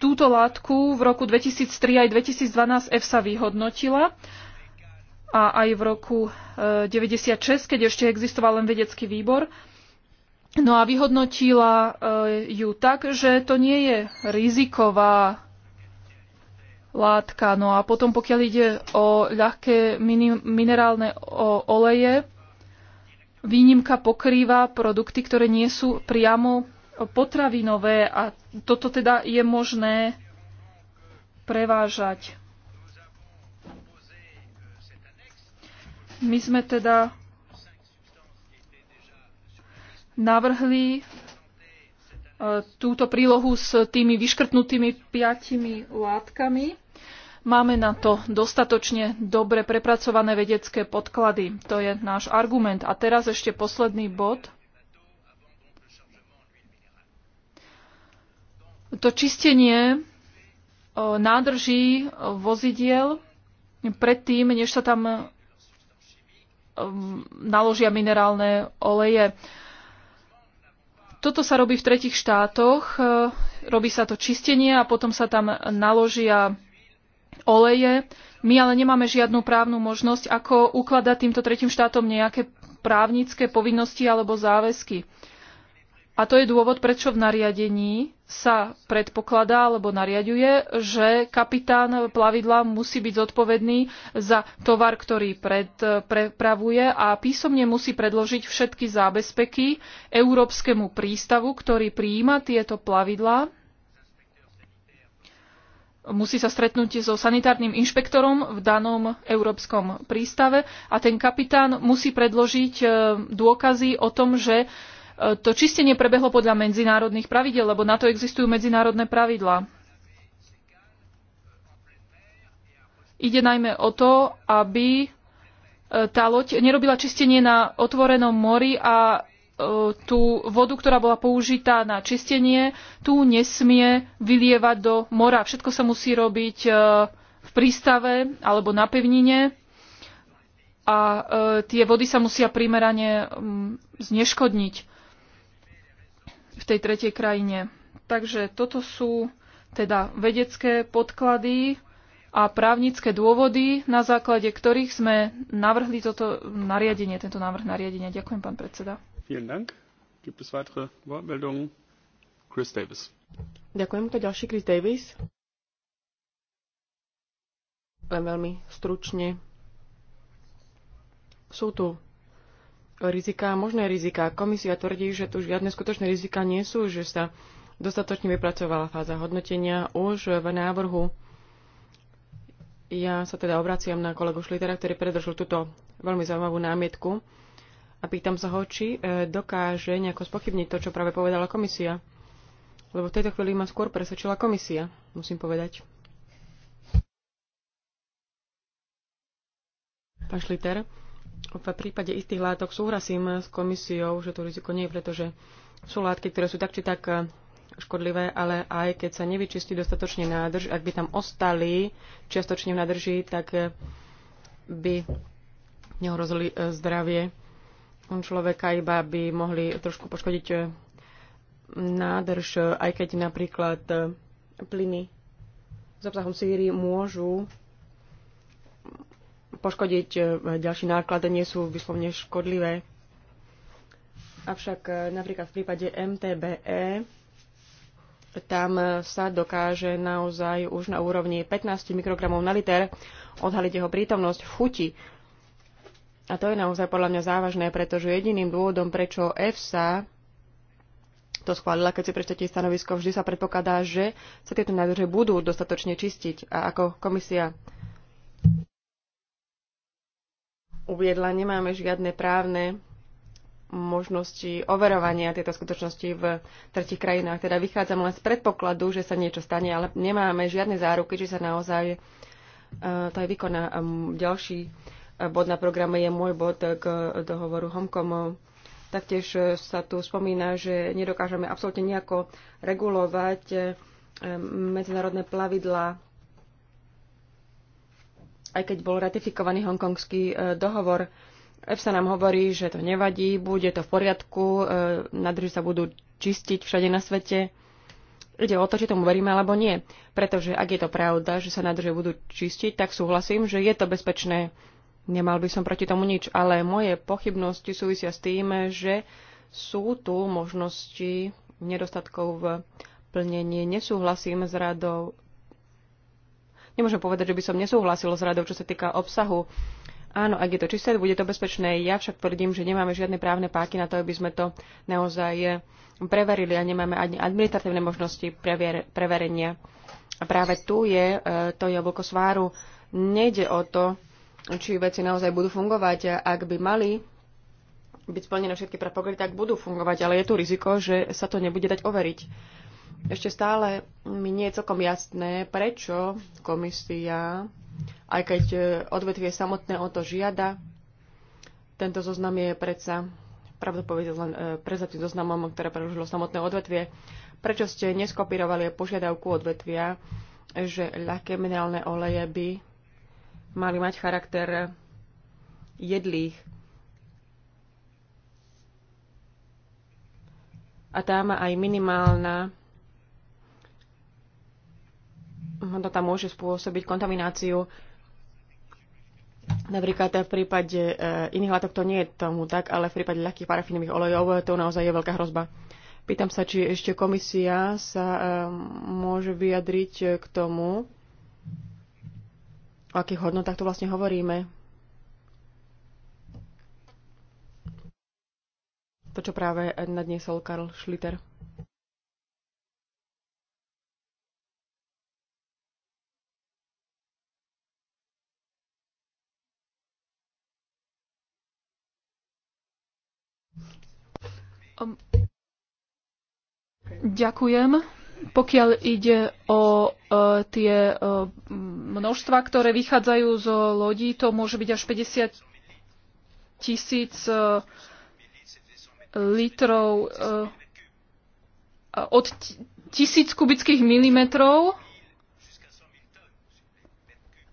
túto látku v roku 2003 aj 2012 EFSA vyhodnotila a aj v roku 1996, e, keď ešte existoval len vedecký výbor. No a vyhodnotila e, ju tak, že to nie je riziková látka. No a potom pokiaľ ide o ľahké minerálne oleje, výnimka pokrýva produkty, ktoré nie sú priamo potravinové a toto teda je možné prevážať. My sme teda navrhli e, túto prílohu s tými vyškrtnutými piatimi látkami. Máme na to dostatočne dobre prepracované vedecké podklady. To je náš argument. A teraz ešte posledný bod. To čistenie nádrží vozidiel predtým, než sa tam naložia minerálne oleje. Toto sa robí v tretich štátoch. Robí sa to čistenie a potom sa tam naložia oleje. My ale nemáme žiadnu právnu možnosť, ako ukladať týmto tretím štátom nejaké právnické povinnosti alebo záväzky. A to je dôvod, prečo v nariadení sa predpokladá alebo nariaduje, že kapitán plavidla musí byť zodpovedný za tovar, ktorý pred, prepravuje a písomne musí predložiť všetky zábezpeky Európskemu prístavu, ktorý prijíma tieto plavidlá musí sa stretnúť so sanitárnym inšpektorom v danom európskom prístave a ten kapitán musí predložiť e, dôkazy o tom, že e, to čistenie prebehlo podľa medzinárodných pravidel, lebo na to existujú medzinárodné pravidlá. Ide najmä o to, aby e, tá loď nerobila čistenie na otvorenom mori a E, tú vodu, ktorá bola použitá na čistenie, tu nesmie vylievať do mora. Všetko sa musí robiť e, v prístave alebo na pevnine a e, tie vody sa musia primerane zneškodniť v tej tretej krajine. Takže toto sú teda vedecké podklady a právnické dôvody, na základe ktorých sme navrhli toto nariadenie, tento návrh nariadenia. Ďakujem, pán predseda. Ďakujem. To ďalší Chris Davis. Len veľmi stručne. Sú tu riziká, možné riziká. Komisia tvrdí, že tu žiadne skutočné riziká nie sú, že sa dostatočne vypracovala fáza hodnotenia už v návrhu. Ja sa teda obraciam na kolegu Šlitera, ktorý predržil túto veľmi zaujímavú námietku a pýtam sa ho, či e, dokáže nejako spochybniť to, čo práve povedala komisia. Lebo v tejto chvíli ma skôr presvedčila komisia, musím povedať. Pán Šliter, v prípade istých látok súhlasím s komisiou, že to riziko nie je, pretože sú látky, ktoré sú tak či tak e, škodlivé, ale aj keď sa nevyčistí dostatočne nádrž, ak by tam ostali čiastočne v nádrži, tak e, by nehrozili zdravie človeka, iba by mohli trošku poškodiť eh, nádrž, eh, aj keď napríklad eh, plyny s obsahom síry môžu poškodiť ďalší náklad, nie sú vyslovne škodlivé. Avšak napríklad v prípade MTBE tam sa dokáže naozaj už na úrovni 15 mikrogramov na liter odhaliť jeho prítomnosť v chuti a to je naozaj podľa mňa závažné, pretože jediným dôvodom, prečo EFSA to schválila, keď si prečtete stanovisko, vždy sa predpokladá, že sa tieto nádrže budú dostatočne čistiť. A ako komisia uviedla, nemáme žiadne právne možnosti overovania tejto skutočnosti v tretich krajinách. Teda vychádzam len z predpokladu, že sa niečo stane, ale nemáme žiadne záruky, či sa naozaj e, to aj vykoná ďalší bod na programe je môj bod k dohovoru Hongkomu. Taktiež sa tu spomína, že nedokážeme absolútne nejako regulovať eh, medzinárodné plavidla, aj keď bol ratifikovaný hongkongský eh, dohovor. EFSA nám hovorí, že to nevadí, bude to v poriadku, eh, nádrže sa budú čistiť všade na svete. Ide o to, či tomu veríme alebo nie. Pretože ak je to pravda, že sa nádrže budú čistiť, tak súhlasím, že je to bezpečné Nemal by som proti tomu nič, ale moje pochybnosti súvisia s tým, že sú tu možnosti nedostatkov v plnení. Nesúhlasím s radou. Nemôžem povedať, že by som nesúhlasil s radou, čo sa týka obsahu. Áno, ak je to čisté, bude to bezpečné. Ja však tvrdím, že nemáme žiadne právne páky na to, aby sme to naozaj preverili a nemáme ani administratívne možnosti prever- preverenia. A práve tu je e, to jablko sváru. Nejde o to, či veci naozaj budú fungovať. Ak by mali byť splnené všetky predpoklady, tak budú fungovať, ale je tu riziko, že sa to nebude dať overiť. Ešte stále mi nie je celkom jasné, prečo komisia, aj keď e, odvetvie samotné o to žiada, tento zoznam je predsa pravdopovedať len e, tým zoznamom, ktoré preložilo samotné odvetvie. Prečo ste neskopírovali požiadavku odvetvia, že ľahké minerálne oleje by mali mať charakter jedlých. A tá má aj minimálna hodnota môže spôsobiť kontamináciu. Napríklad v prípade eh, iných látok to nie je tomu tak, ale v prípade ľahkých parafínových olejov to naozaj je veľká hrozba. Pýtam sa, či ešte komisia sa eh, môže vyjadriť k tomu, O akých hodnotách tu vlastne hovoríme? To, čo práve nadniesol Karl Schlitter. Um, ďakujem. Pokiaľ ide o uh, tie uh, množstva, ktoré vychádzajú z lodí, to môže byť až 50 tisíc uh, litrov od tisíc kubických milimetrov,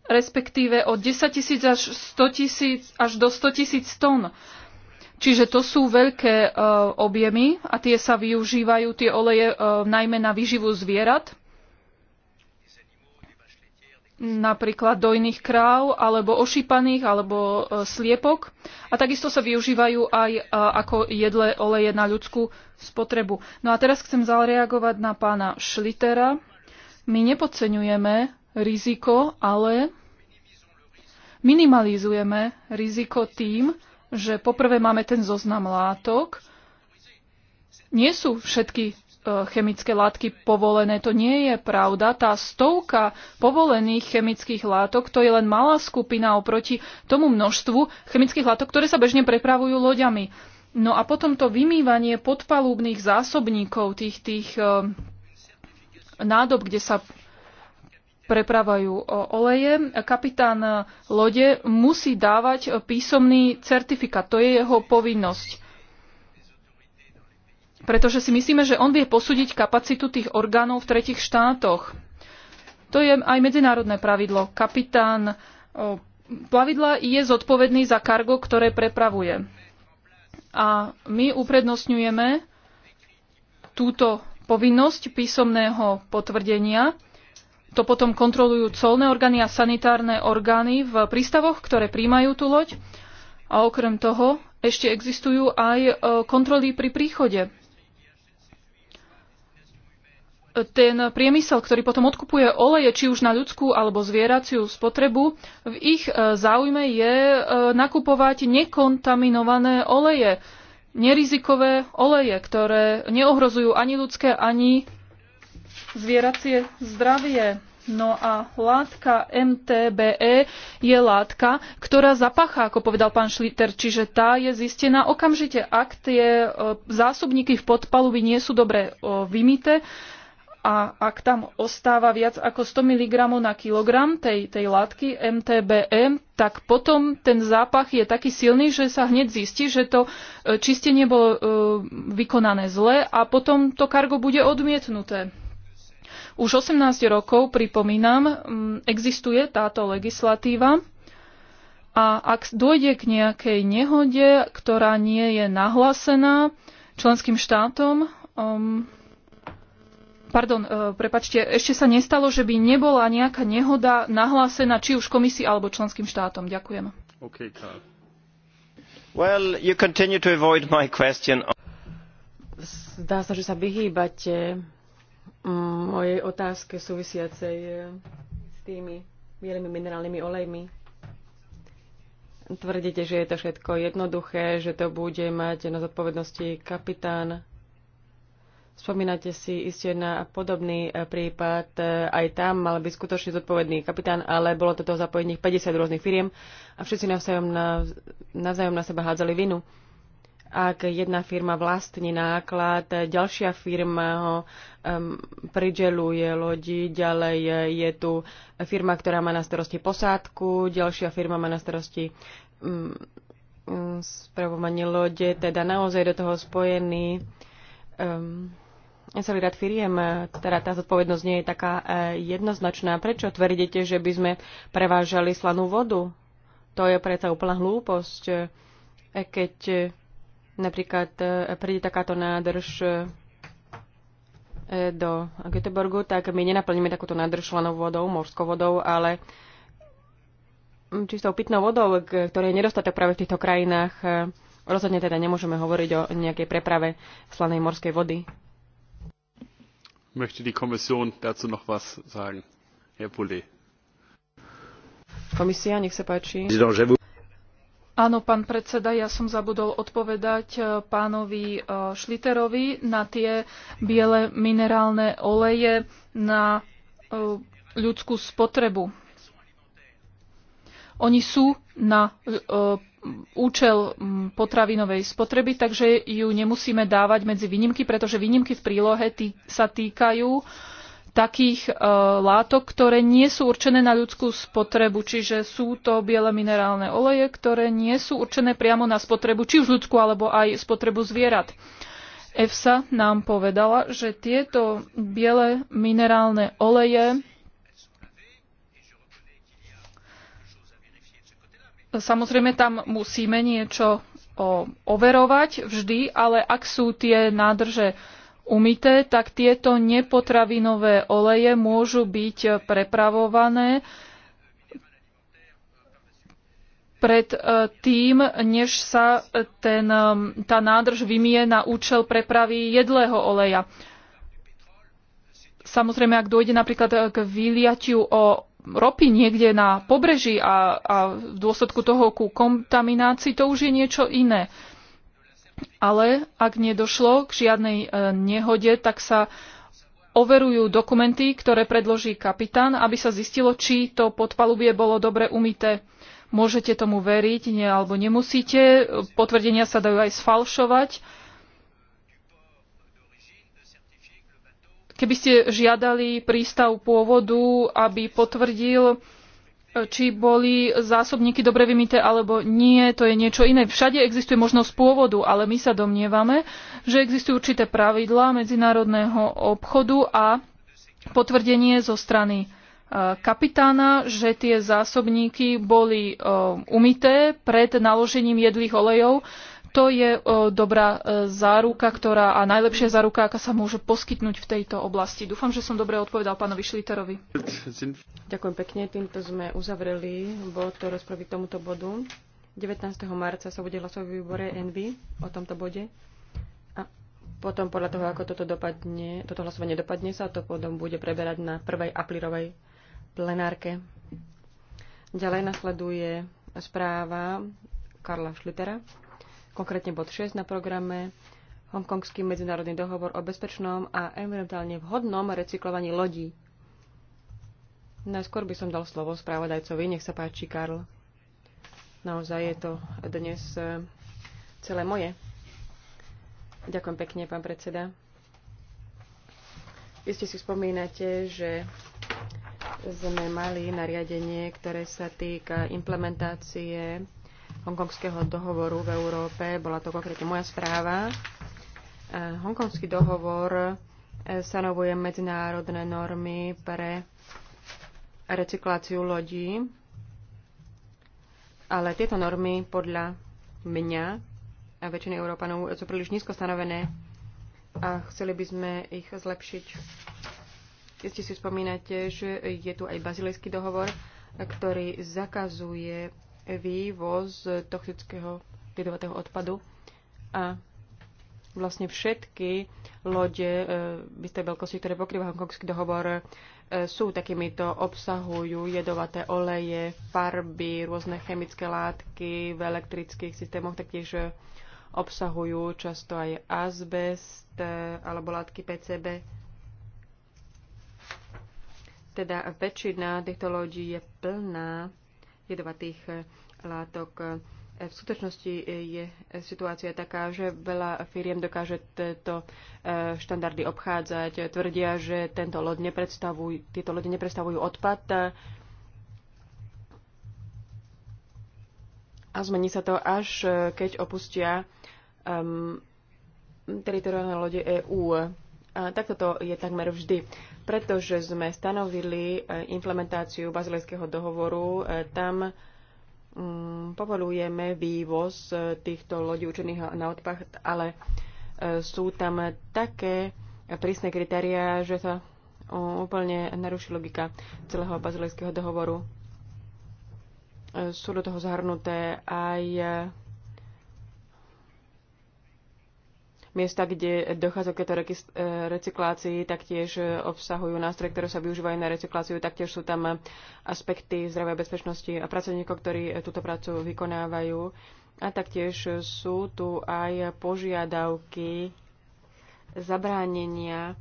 respektíve od 10 tisíc až, 100 až do 100 tisíc tón. Čiže to sú veľké e, objemy a tie sa využívajú, tie oleje e, najmä na výživu zvierat, napríklad dojných kráv, alebo ošípaných, alebo e, sliepok. A takisto sa využívajú aj ako jedle oleje na ľudskú spotrebu. No a teraz chcem zareagovať na pána Šlitera. My nepodceňujeme riziko, ale minimalizujeme riziko tým, že poprvé máme ten zoznam látok. Nie sú všetky e, chemické látky povolené. To nie je pravda. Tá stovka povolených chemických látok, to je len malá skupina oproti tomu množstvu chemických látok, ktoré sa bežne prepravujú loďami. No a potom to vymývanie podpalúbných zásobníkov, tých, tých e, nádob, kde sa prepravajú e, oleje, kapitán e, lode musí dávať e, písomný certifikát. To je jeho povinnosť. Pretože si myslíme, že on vie posúdiť kapacitu tých orgánov v tretich štátoch. To je aj medzinárodné pravidlo. Kapitán plavidla je zodpovedný za kargo, ktoré prepravuje. A my uprednostňujeme túto povinnosť písomného potvrdenia to potom kontrolujú colné orgány a sanitárne orgány v prístavoch, ktoré príjmajú tú loď. A okrem toho ešte existujú aj e, kontroly pri príchode. Ten priemysel, ktorý potom odkupuje oleje, či už na ľudskú alebo zvieraciu spotrebu, v ich e, záujme je e, nakupovať nekontaminované oleje, nerizikové oleje, ktoré neohrozujú ani ľudské, ani zvieracie zdravie. No a látka MTBE je látka, ktorá zapachá, ako povedal pán Šliter, čiže tá je zistená okamžite, ak tie e, zásobníky v podpalubi nie sú dobre vymité a ak tam ostáva viac ako 100 mg na kilogram tej, tej látky MTBE, tak potom ten zápach je taký silný, že sa hneď zistí, že to e, čistenie bolo e, vykonané zle a potom to kargo bude odmietnuté. Už 18 rokov, pripomínam, mm, existuje táto legislatíva a ak dôjde k nejakej nehode, ktorá nie je nahlásená členským štátom, um, pardon, uh, prepačte, ešte sa nestalo, že by nebola nejaká nehoda nahlásená či už komisii alebo členským štátom. Ďakujem. Okay, Well, you continue to avoid my question. Zdá sa, že sa vyhýbate mojej otázke súvisiacej eh, s tými bielými minerálnymi olejmi. Tvrdíte, že je to všetko jednoduché, že to bude mať na zodpovednosti kapitán. Spomínate si iste na podobný eh, prípad. Eh, aj tam mal byť skutočne zodpovedný kapitán, ale bolo toto zapojených 50 rôznych firiem a všetci navzájom na, navzájom na seba hádzali vinu ak jedna firma vlastní náklad, ďalšia firma ho um, prideluje lodi, ďalej je tu firma, ktorá má na starosti posádku, ďalšia firma má na starosti um, spravovanie lode, teda naozaj do toho spojený um, celý rád firiem, teda tá zodpovednosť nie je taká uh, jednoznačná. Prečo tvrdíte, že by sme prevážali slanú vodu? To je preto úplná hlúposť, e, keď Napríklad e, príde takáto nádrž e, e, do Göteborgu, tak my nenaplníme takúto nádrž slanou vodou, morskou vodou, ale čistou pitnou vodou, ktorej je nedostatok práve v týchto krajinách. Rozhodne teda nemôžeme hovoriť o nejakej preprave slanej morskej vody. Möchte die Kommission dazu noch was sagen? Herr Poulet. Komisia, nech sa páči. Áno, pán predseda, ja som zabudol odpovedať e, pánovi e, Šliterovi na tie biele minerálne oleje na e, ľudskú spotrebu. Oni sú na účel potravinovej spotreby, takže ju nemusíme dávať medzi výnimky, pretože výnimky v prílohe sa týkajú uh, takých e, látok, ktoré nie sú určené na ľudskú spotrebu, čiže sú to biele minerálne oleje, ktoré nie sú určené priamo na spotrebu, či už ľudskú, alebo aj spotrebu zvierat. EFSA nám povedala, že tieto biele minerálne oleje Samozrejme, tam musíme niečo overovať vždy, ale ak sú tie nádrže umité, tak tieto nepotravinové oleje môžu byť prepravované pred e, tým, než sa e, ten, e, tá nádrž vymie na účel prepravy jedlého oleja. Samozrejme, ak dojde napríklad k vyliatiu o ropy niekde na pobreží a, a v dôsledku toho ku kontaminácii, to už je niečo iné ale ak nedošlo k žiadnej e, nehode, tak sa overujú dokumenty, ktoré predloží kapitán, aby sa zistilo, či to podpalubie bolo dobre umité. Môžete tomu veriť, nie, alebo nemusíte. Potvrdenia sa dajú aj sfalšovať. Keby ste žiadali prístav pôvodu, aby potvrdil či boli zásobníky dobre vymité alebo nie, to je niečo iné. Všade existuje možnosť pôvodu, ale my sa domnievame, že existujú určité pravidlá medzinárodného obchodu a potvrdenie zo strany e, kapitána, že tie zásobníky boli e, umité pred naložením jedlých olejov to je e, dobrá e, záruka, ktorá a najlepšia záruka, aká sa môže poskytnúť v tejto oblasti. Dúfam, že som dobre odpovedal pánovi Šliterovi. Ďakujem pekne. Týmto sme uzavreli bod rozpravy k tomuto bodu. 19. marca sa bude hlasovať v výbore NV o tomto bode. A potom podľa toho, ako toto, dopadne, toto hlasovanie dopadne, sa to potom bude preberať na prvej aprílovej plenárke. Ďalej nasleduje správa Karla Šlitera konkrétne bod 6 na programe, Hongkongský medzinárodný dohovor o bezpečnom a environmentálne vhodnom recyklovaní lodí. Najskôr by som dal slovo správodajcovi. Nech sa páči, Karl. Naozaj je to dnes e, celé moje. Ďakujem pekne, pán predseda. ste si spomínate, že sme mali nariadenie, ktoré sa týka implementácie hongkongského dohovoru v Európe. Bola to konkrétne moja správa. E, hongkongský dohovor e, stanovuje medzinárodné normy pre recykláciu lodí, ale tieto normy podľa mňa a väčšiny Európanov sú príliš nízko stanovené a chceli by sme ich zlepšiť. Ste si spomínate, že je tu aj bazilejský dohovor, ktorý zakazuje vývoz toxického jedovatého odpadu a vlastne všetky lode v e, istej veľkosti, ktoré pokrýva hongkongský dohovor, e, sú takýmito, obsahujú jedovaté oleje, farby, rôzne chemické látky v elektrických systémoch, taktiež obsahujú často aj azbest e, alebo látky PCB. Teda väčšina týchto lodí je plná jedovatých eh, látok. Eh, v skutočnosti eh, je situácia taká, že veľa firiem dokáže tieto štandardy obchádzať. Tvrdia, že tento lod nepredstavuj, tieto lode nepredstavujú odpad. A zmení sa to až, keď opustia um, teritoriálne lode EÚ takto to je takmer vždy. Pretože sme stanovili e, implementáciu bazilejského dohovoru, e, tam mm, povolujeme vývoz e, týchto lodí učených na odpach, ale sú tam také prísne kritériá, že sa úplne naruší logika celého bazilejského dohovoru. Sú do toho zahrnuté aj miesta, kde dochádza k tejto e, recyklácii, taktiež e, obsahujú nástroje, ktoré sa využívajú na recykláciu, taktiež sú tam e, aspekty zdravia bezpečnosti a pracovníkov, ktorí túto prácu vykonávajú. A taktiež sú tu aj požiadavky zabránenia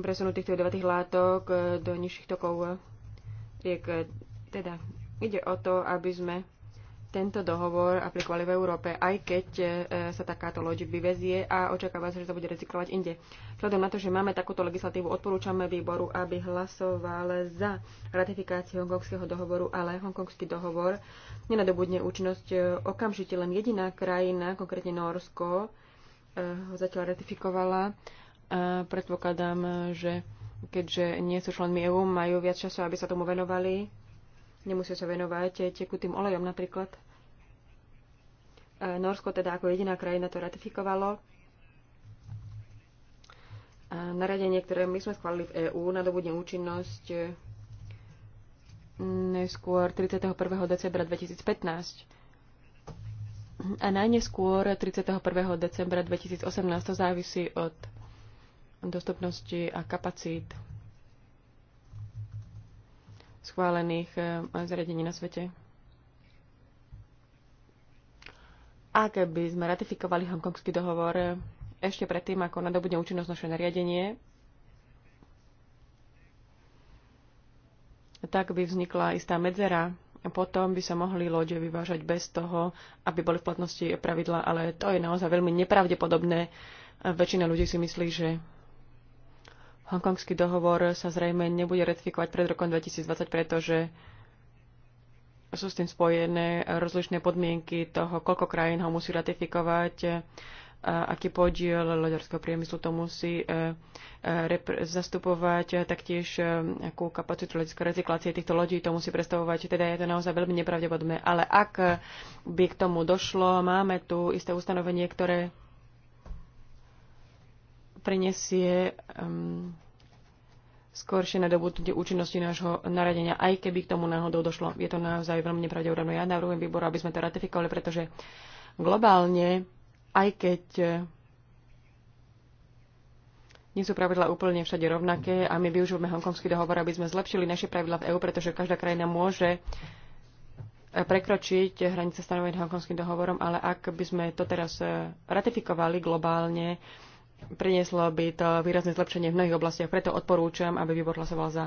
presunutých týchto jedovatých látok do nižších tokov riek. Teda ide o to, aby sme tento dohovor aplikovali v Európe, aj keď e, sa takáto loď vyvezie a očakáva sa, že sa bude recyklovať inde. Vzhľadom na to, že máme takúto legislatívu, odporúčame výboru, aby hlasoval za ratifikáciu hongkongského dohovoru, ale hongkongský dohovor nenadobudne účinnosť e, okamžite. Len jediná krajina, konkrétne Norsko, e, ho zatiaľ ratifikovala. A predpokladám, že keďže nie sú členmi EÚ, majú viac času, aby sa tomu venovali Nemusia sa venovať tekutým olejom napríklad. E, Norsko teda ako jediná krajina to ratifikovalo. Naradenie, ktoré my sme schválili v EÚ, nadobudne účinnosť neskôr 31. decembra 2015 a najneskôr 31. decembra 2018 to závisí od dostupnosti a kapacít schválených eh, zariadení na svete. Ak by sme ratifikovali hongkongský dohovor eh, ešte predtým, ako nadobudne účinnosť naše nariadenie, tak by vznikla istá medzera. a Potom by sa mohli lode vyvážať bez toho, aby boli v platnosti pravidla, ale to je naozaj veľmi nepravdepodobné. Väčšina ľudí si myslí, že Hongkongský dohovor sa zrejme nebude ratifikovať pred rokom 2020, pretože sú s tým spojené rozličné podmienky toho, koľko krajín ho musí ratifikovať, a aký podiel loďarského priemyslu to musí e, e, zastupovať, taktiež e, akú kapacitu loďskej recyklácie týchto lodí to musí predstavovať. Teda je to naozaj veľmi nepravdepodobné. Ale ak by k tomu došlo, máme tu isté ustanovenie, ktoré prenesie um, skoršie dobu účinnosti nášho naradenia, aj keby k tomu náhodou došlo. Je to naozaj veľmi nepravdepodobné. Ja navrhujem výboru, aby sme to ratifikovali, pretože globálne, aj keď eh, nie sú pravidla úplne všade rovnaké a my využívame hongkongský dohovor, aby sme zlepšili naše pravidla v EÚ, pretože každá krajina môže eh, prekročiť hranice stanovené hongkongským dohovorom, ale ak by sme to teraz eh, ratifikovali globálne, Prinieslo by to výrazné zlepšenie v mnohých oblastiach, preto odporúčam, aby výbor hlasoval za.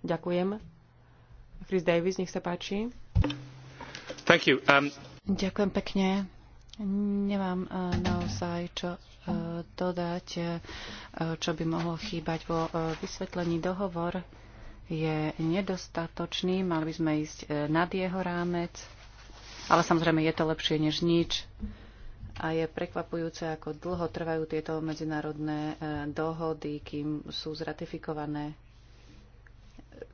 Ďakujem. Chris Davis, nech sa páči. Thank you. Um... Ďakujem pekne. Nemám uh, naozaj čo uh, dodať, uh, čo by mohlo chýbať vo vysvetlení dohovor je nedostatočný, mali by sme ísť nad jeho rámec, ale samozrejme je to lepšie než nič a je prekvapujúce, ako dlho trvajú tieto medzinárodné e, dohody, kým sú zratifikované.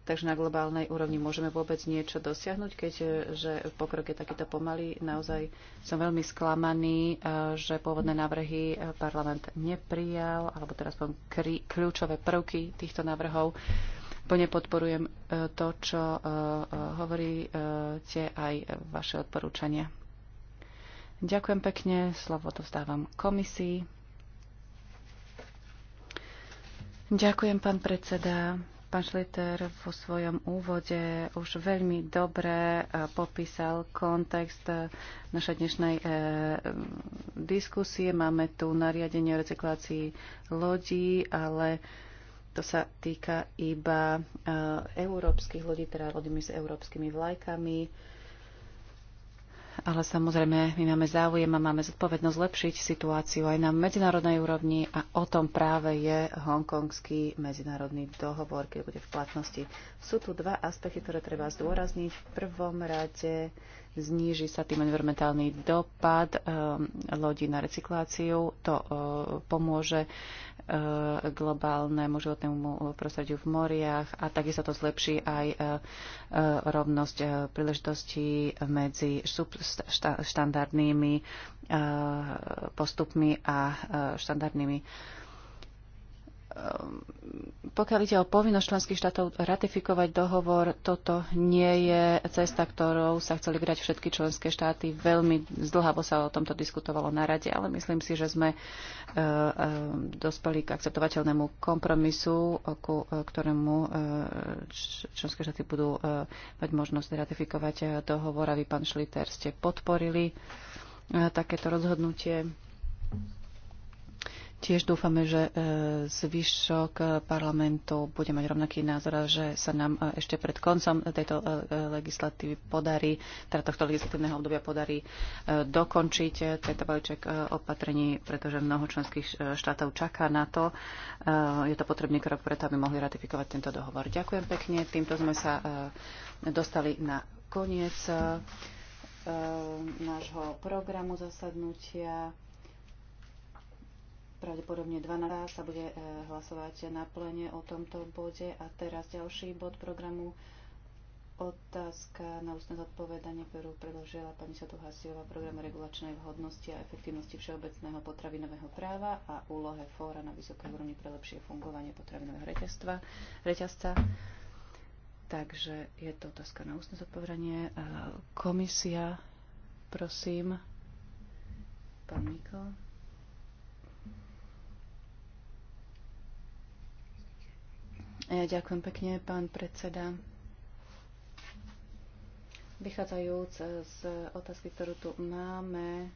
Takže na globálnej úrovni môžeme vôbec niečo dosiahnuť, keďže e, pokrok je takýto pomalý. Naozaj som veľmi sklamaný, e, že pôvodné návrhy parlament neprijal, alebo teraz poviem kľúčové prvky týchto návrhov. Plne podporujem to, čo hovoríte, aj vaše odporúčania. Ďakujem pekne, slovo dostávam komisii. Ďakujem, pán predseda. Pán Šliter vo svojom úvode už veľmi dobre e, popísal kontext e, našej dnešnej e, diskusie. Máme tu nariadenie o recyklácii lodí, ale to sa týka iba európskych lodí, teda lodí s európskymi vlajkami ale samozrejme my máme záujem a máme zodpovednosť zlepšiť situáciu aj na medzinárodnej úrovni a o tom práve je hongkongský medzinárodný dohovor, keď bude v platnosti. Sú tu dva aspekty, ktoré treba zdôrazniť. V prvom rade zníži sa tým environmentálny dopad eh, lodí na recykláciu. To eh, pomôže eh, globálnemu životnému prostrediu v moriach a takisto to zlepší aj rovnosť príležitostí medzi štandardnými postupmi a štandardnými Ehm, pokiaľ ide o povinnosť členských štátov ratifikovať dohovor, toto nie je cesta, ktorou sa chceli vyrať všetky členské štáty. Veľmi zdlhavo sa o tomto diskutovalo na rade, ale myslím si, že sme e, e, dospeli k akceptovateľnému kompromisu, ku e, ktorému členské štáty budú mať možnosť ratifikovať dohovor a vy, pán Šliter, ste podporili takéto rozhodnutie. Tiež dúfame, že e, zvyšok e, parlamentu bude mať rovnaký názor a že sa nám e, ešte pred koncom tejto legislatívy podarí, teda tohto legislatívneho obdobia podarí dokončiť tento balíček opatrení, pretože mnoho členských štátov čaká na to. Je to potrebný krok preto, aby mohli ratifikovať tento dohovor. Ďakujem pekne. Týmto sme sa dostali na koniec nášho programu zasadnutia pravdepodobne 12 sa bude e, hlasovať na plene o tomto bode. A teraz ďalší bod programu otázka na ústne zodpovedanie, ktorú predložila pani Satuhasiová program regulačnej vhodnosti a efektivnosti všeobecného potravinového práva a úlohe fóra na vysokej úrovni pre lepšie fungovanie potravinového reťazstva, reťazca. Takže je to otázka na ústne zodpovedanie. E, komisia, prosím. Pán Mikl. Ja ďakujem pekne, pán predseda. Vychádzajúc z otázky, ktorú tu máme,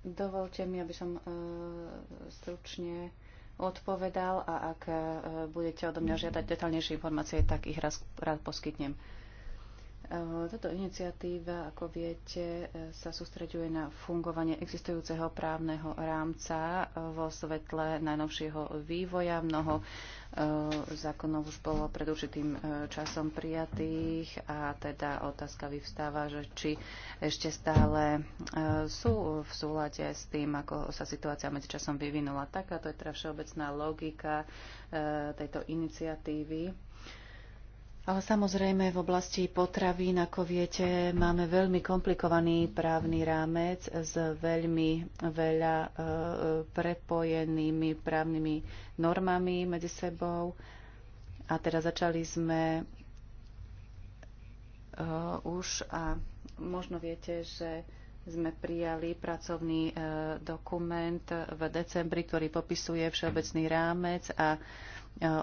dovolte mi, aby som e, stručne odpovedal a ak e, budete odo mňa žiadať detaľnejšie informácie, tak ich raz, rád poskytnem. Eh, Táto iniciatíva, ako viete, eh, sa sústreďuje na fungovanie existujúceho právneho rámca eh, vo svetle najnovšieho vývoja. Mnoho zákonov už bolo pred určitým časom prijatých a teda otázka vyvstáva, že či ešte stále sú v súlade s tým, ako sa situácia medzičasom vyvinula. taká to je teda všeobecná logika tejto iniciatívy ale samozrejme v oblasti potravín, ako viete, máme veľmi komplikovaný právny rámec s veľmi veľa e, prepojenými právnymi normami medzi sebou. A teda začali sme e, už a možno viete, že sme prijali pracovný e, dokument v decembri, ktorý popisuje všeobecný rámec a e,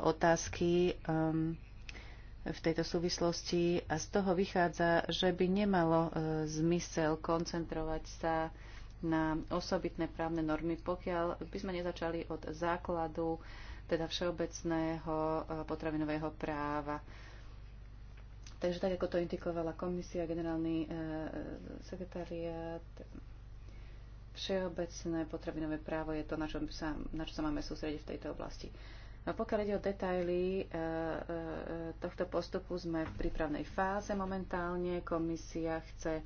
otázky. E, v tejto súvislosti a z toho vychádza, že by nemalo e, zmysel koncentrovať sa na osobitné právne normy, pokiaľ by sme nezačali od základu, teda všeobecného e, potravinového práva. Takže tak, ako to indikovala komisia, generálny e, sekretariat, všeobecné potravinové právo je to, na, čo, sa, na čo sa máme sústrediť v tejto oblasti. E, No, pokiaľ ide o detaily e, e, tohto postupu, sme v prípravnej fáze momentálne. Komisia chce e,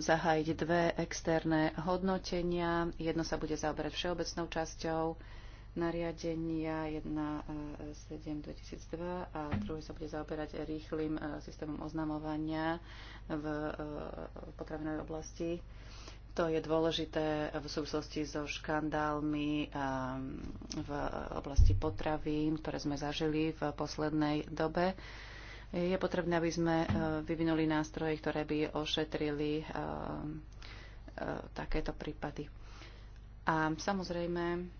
zahájiť dve externé hodnotenia. Jedno sa bude zaoberať všeobecnou časťou nariadenia 1.7.2002 a druhé sa bude zaoberať rýchlým systémom oznamovania v potravinovej oblasti. To je dôležité v súvislosti so škandálmi ehm, v oblasti potravín, ktoré sme zažili v poslednej dobe. Je potrebné, aby sme eh, vyvinuli nástroje, ktoré by ošetrili eh, eh, takéto prípady. A samozrejme,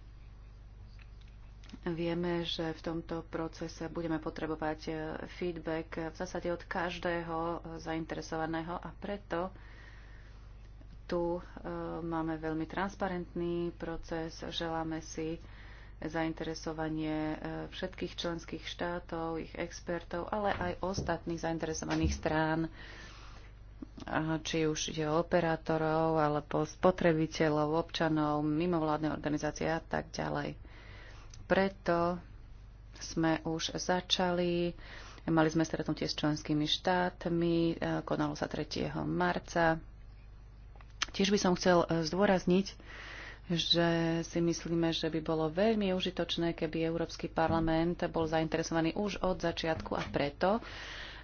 Vieme, že v tomto procese budeme potrebovať feedback v zásade od každého zainteresovaného a preto tu e, máme veľmi transparentný proces. Želáme si zainteresovanie e, všetkých členských štátov, ich expertov, ale aj ostatných zainteresovaných strán, či už je operátorov, alebo spotrebiteľov, občanov, mimovládne organizácie a tak ďalej. Preto sme už začali. Mali sme stretnutie s členskými štátmi, e, konalo sa 3. marca Tiež by som chcel e, zdôrazniť, že si myslíme, že by bolo veľmi užitočné, keby Európsky parlament bol zainteresovaný už od začiatku a preto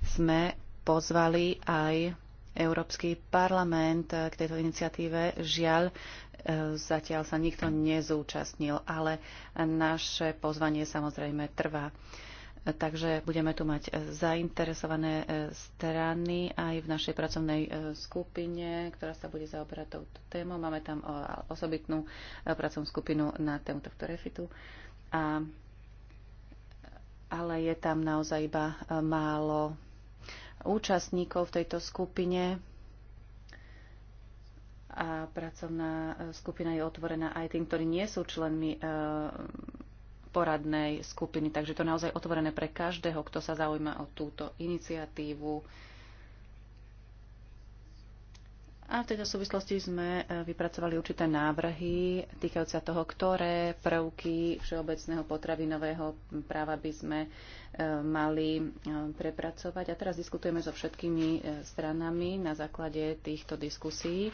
sme pozvali aj Európsky parlament k tejto iniciatíve. Žiaľ, e, zatiaľ sa nikto nezúčastnil, ale naše pozvanie samozrejme trvá. Takže budeme tu mať e, zainteresované e, strany aj v našej pracovnej e, skupine, ktorá sa bude zaoberať touto témou. Máme tam osobitnú pracovnú skupinu na tému tohto refitu. A, ale je tam naozaj iba málo účastníkov v tejto skupine a pracovná skupina je otvorená aj tým, ktorí nie sú členmi poradnej skupiny. Takže to je naozaj otvorené pre každého, kto sa zaujíma o túto iniciatívu. A v tejto súvislosti sme e, vypracovali určité návrhy týkajúca toho, ktoré prvky všeobecného potravinového práva by sme e, mali e, prepracovať. A teraz diskutujeme so všetkými stranami na základe týchto diskusí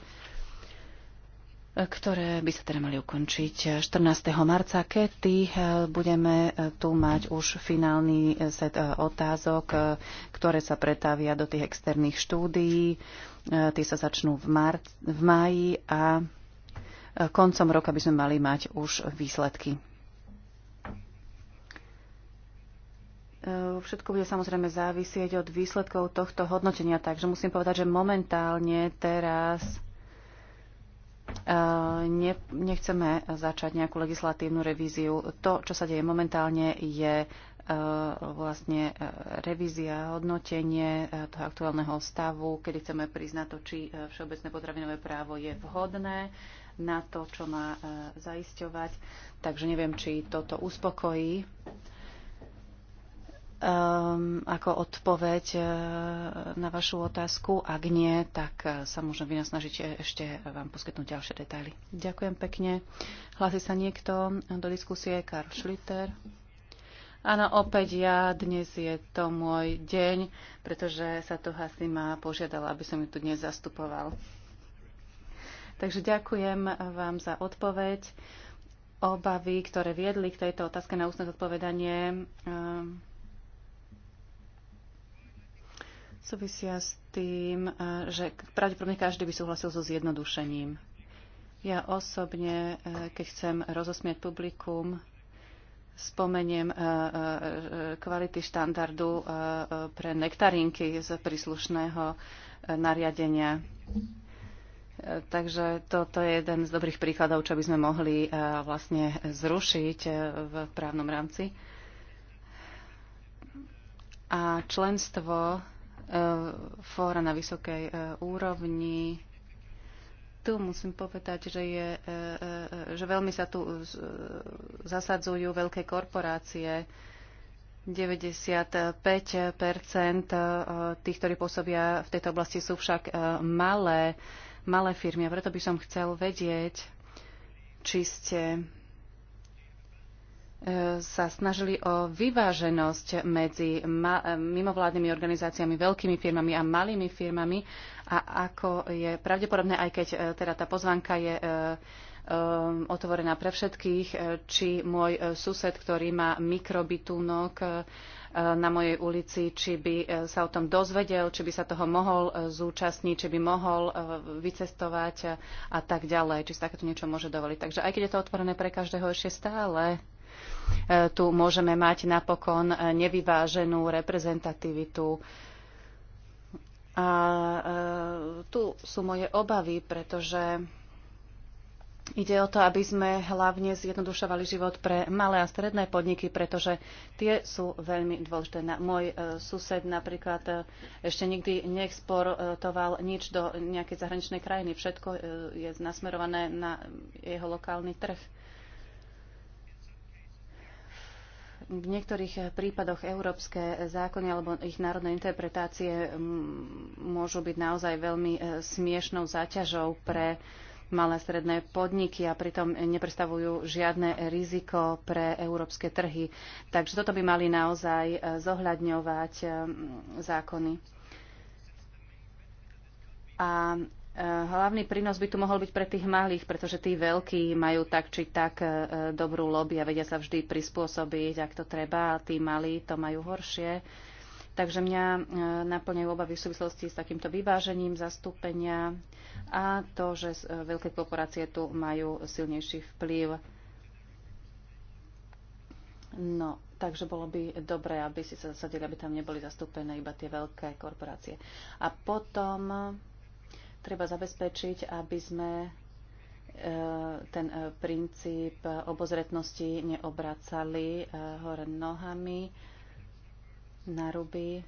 ktoré by sa teda mali ukončiť 14. marca, kedy eh, budeme eh, tu mať už finálny eh, set otázok, ktoré sa pretavia do tých externých štúdií. Tí sa začnú v, mar- v maji a koncom roka by sme mali mať už výsledky. Všetko bude samozrejme závisieť od výsledkov tohto hodnotenia, takže musím povedať, že momentálne teraz E, ne, nechceme začať nejakú legislatívnu revíziu. To, čo sa deje momentálne, je e, vlastne e, revízia, hodnotenie toho aktuálneho stavu, kedy chceme priznať to, či všeobecné potravinové právo je vhodné na to, čo má zaisťovať. Takže neviem, či toto uspokojí um, ako odpoveď uh, na vašu otázku. Ak nie, tak uh, sa môžem vynasnažiť e, ešte vám poskytnúť ďalšie detaily. Ďakujem pekne. Hlási sa niekto do diskusie? Karl Schlitter. Áno, opäť ja, dnes je to môj deň, pretože sa to hasi ma požiadala, aby som ju tu dnes zastupoval. Takže ďakujem vám za odpoveď. Obavy, ktoré viedli k tejto otázke na ústne zodpovedanie, um, súvisia s tým, e, že pravdepodobne každý by súhlasil so zjednodušením. Ja osobne, e, keď chcem rozosmiať publikum, spomeniem e, kvality štandardu pre nektarinky z príslušného nariadenia. Takže toto je jeden z dobrých príkladov, čo by sme mohli vlastne zrušiť v právnom rámci. A členstvo Eh, fóra na vysokej eh, úrovni. Tu musím povedať, že, je, eh, že veľmi sa tu zasadzujú veľké korporácie. 95 tých, ktorí pôsobia v tejto oblasti, sú však malé, malé firmy. A preto by som chcel vedieť, či ste sa snažili o vyváženosť medzi mimovládnymi organizáciami, veľkými firmami a malými firmami a ako je pravdepodobné, aj keď e, teda tá pozvanka je e, e, otvorená pre všetkých, či môj sused, ktorý má mikrobitúnok na mojej ulici, či by sa o tom dozvedel, či by sa toho mohol zúčastniť, či by mohol vycestovať a tak ďalej, či sa takéto niečo môže dovoliť. Takže aj keď je to otvorené pre každého, ešte stále E, tu môžeme mať napokon e, nevyváženú reprezentativitu. A e, tu sú moje obavy, pretože ide o to, aby sme hlavne zjednodušovali život pre malé a stredné podniky, pretože tie sú veľmi dôležité. Môj sused napríklad ešte nikdy neexportoval nič do nejakej zahraničnej krajiny. Všetko je nasmerované na jeho lokálny trh v niektorých prípadoch európske zákony alebo ich národné interpretácie môžu byť naozaj veľmi e, smiešnou záťažou pre malé stredné podniky a pritom neprestavujú žiadne riziko pre európske trhy. Takže toto by mali naozaj e, zohľadňovať e, zákony. A E, hlavný prínos by tu mohol byť pre tých malých, pretože tí veľkí majú tak či tak e, dobrú lobby a vedia sa vždy prispôsobiť, ak to treba, a tí malí to majú horšie. Takže mňa e, naplňajú obavy v súvislosti s takýmto vyvážením zastúpenia a to, že veľké korporácie tu majú silnejší vplyv. No, takže bolo by dobré, aby si sa zasadili, aby tam neboli zastúpené iba tie veľké korporácie. A potom treba zabezpečiť, aby sme e, ten e, princíp obozretnosti neobracali e, hore nohami na ruby.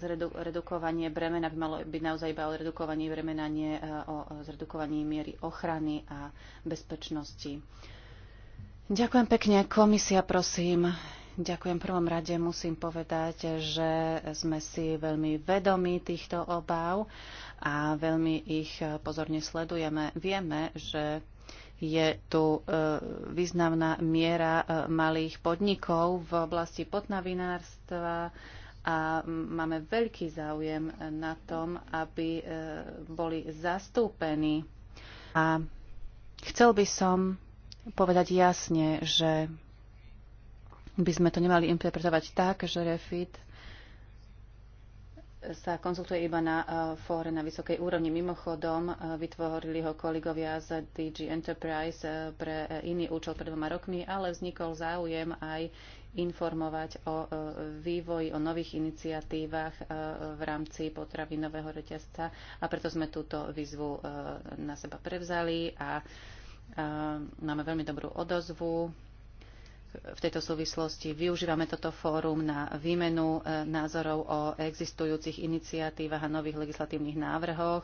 Zredu, redukovanie bremena by malo byť naozaj iba o redukovaní bremena, nie o zredukovaní miery ochrany a bezpečnosti. Ďakujem pekne. Komisia, prosím. Ďakujem. V prvom rade musím povedať, že sme si veľmi vedomi týchto obáv a veľmi ich e, pozorne sledujeme. Vieme, že je tu e, významná miera e, malých podnikov v oblasti potnavinárstva a máme veľký záujem na tom, aby boli zastúpení. A chcel by som povedať jasne, že by sme to nemali interpretovať tak, že refit sa konzultuje iba na e, fóre na vysokej úrovni. Mimochodom, e, vytvorili ho kolegovia z DG Enterprise e, pre iný účel pred dvoma rokmi, ale vznikol záujem aj informovať o vývoji, o nových iniciatívach v rámci potravinového reťazca a preto sme túto výzvu na seba prevzali a máme veľmi dobrú odozvu v tejto súvislosti. Využívame toto fórum na výmenu e, názorov o existujúcich iniciatívach a nových legislatívnych návrhoch,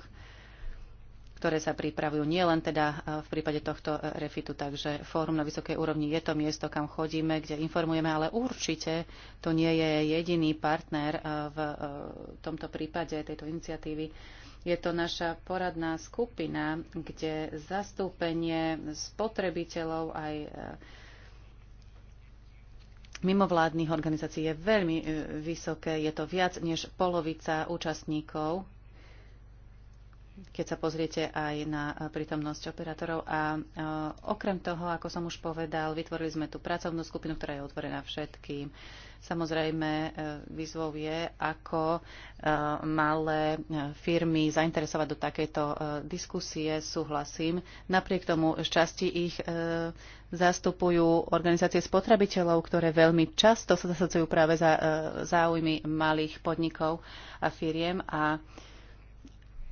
ktoré sa pripravujú nielen teda e, v prípade tohto e, refitu. Takže fórum na vysokej úrovni je to miesto, kam chodíme, kde informujeme, ale určite to nie je jediný partner v tomto prípade tejto iniciatívy. Je to naša poradná skupina, kde zastúpenie spotrebiteľov aj mimovládnych organizácií je veľmi e, vysoké. Je to viac než polovica účastníkov keď sa pozriete aj na e, prítomnosť operátorov. A e, okrem toho, ako som už povedal, vytvorili sme tú pracovnú skupinu, ktorá je otvorená všetkým. Samozrejme, e, výzvou je, ako malé firmy zainteresovať do takéto diskusie, súhlasím. Napriek tomu z časti ich zastupujú organizácie spotrebiteľov, ktoré veľmi často sa zasadzujú práve za záujmy malých podnikov a firiem a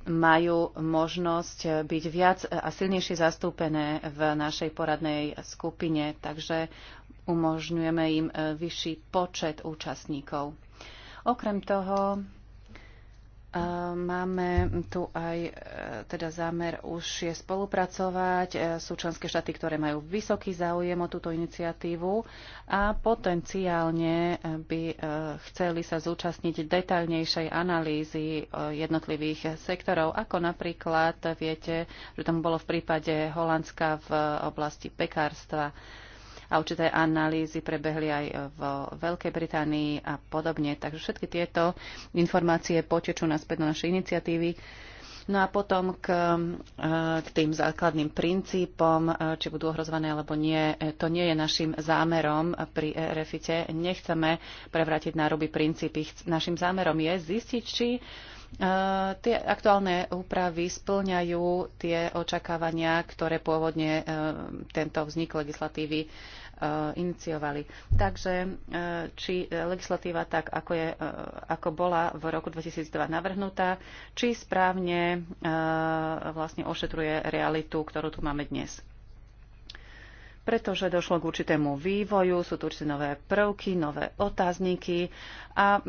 majú možnosť byť viac a silnejšie zastúpené v našej poradnej skupine, takže umožňujeme im vyšší počet účastníkov. Okrem toho Máme tu aj e, teda zámer už je spolupracovať. E, sú členské štáty, ktoré majú vysoký záujem o túto iniciatívu a potenciálne e, by chceli sa zúčastniť detailnejšej analýzy jednotlivých sektorov, ako napríklad, viete, že tam bolo v prípade Holandska v oblasti pekárstva a určité analýzy prebehli aj v Veľkej Británii a podobne. Takže všetky tieto informácie potečú naspäť do našej iniciatívy. No a potom k, k tým základným princípom, či budú ohrozované alebo nie, to nie je našim zámerom pri refite. Nechceme prevrátiť náruby princípy. Našim zámerom je zistiť, či Tie aktuálne úpravy splňajú tie očakávania, ktoré pôvodne tento vznik legislatívy iniciovali. Takže či legislatíva tak, ako, je, ako bola v roku 2002 navrhnutá, či správne vlastne ošetruje realitu, ktorú tu máme dnes pretože došlo k určitému vývoju, sú tu určité nové prvky, nové otázniky a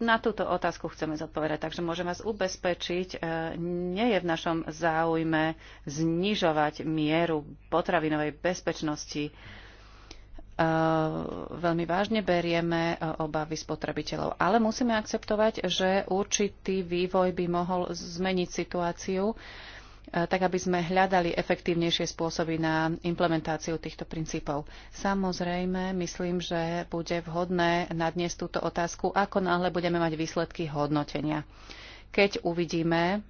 na túto otázku chceme zodpovedať. Takže môžem vás ubezpečiť, e, nie je v našom záujme znižovať mieru potravinovej bezpečnosti e, veľmi vážne berieme e, obavy spotrebiteľov. Ale musíme akceptovať, že určitý vývoj by mohol zmeniť situáciu E, tak aby sme hľadali efektívnejšie spôsoby na implementáciu týchto princípov. Samozrejme, myslím, že bude vhodné nadniesť túto otázku, ako náhle budeme mať výsledky hodnotenia. Keď uvidíme,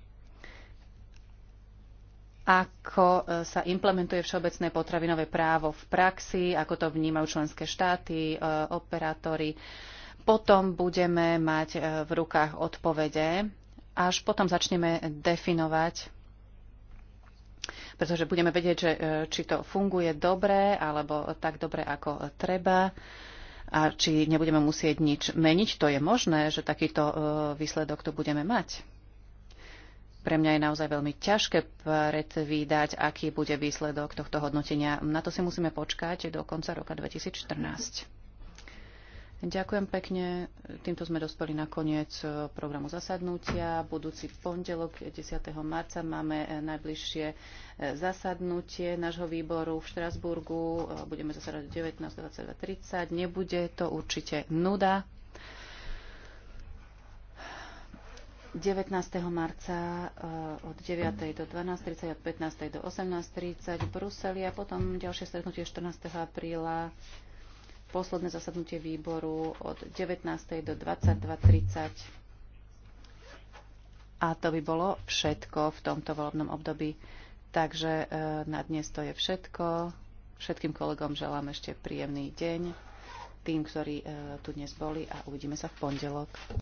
ako e, sa implementuje všeobecné potravinové právo v praxi, ako to vnímajú členské štáty, e, operátory, Potom budeme mať v rukách odpovede, až potom začneme definovať pretože budeme vedieť, že, e, či to funguje dobre alebo tak dobre, ako treba a či nebudeme musieť nič meniť. To je možné, že takýto e, výsledok tu budeme mať. Pre mňa je naozaj veľmi ťažké predvídať, aký bude výsledok tohto hodnotenia. Na to si musíme počkať do konca roka 2014. Ďakujem pekne. Týmto sme dospeli na koniec eh, programu zasadnutia. Budúci pondelok 10. Eh, marca máme eh, najbližšie zasadnutie nášho výboru v Štrasburgu. Budeme zasadať 19.22.30. Nebude to určite nuda. 19. marca od 9. do 12.30, od 15. do 18.30 v Bruseli a potom ďalšie stretnutie 14. apríla posledné zasadnutie výboru od 19. do 22.30. A to by bolo všetko v tomto volebnom období. Takže e, na dnes to je všetko. Všetkým kolegom želám ešte príjemný deň, tým, ktorí e, tu dnes boli a uvidíme sa v pondelok.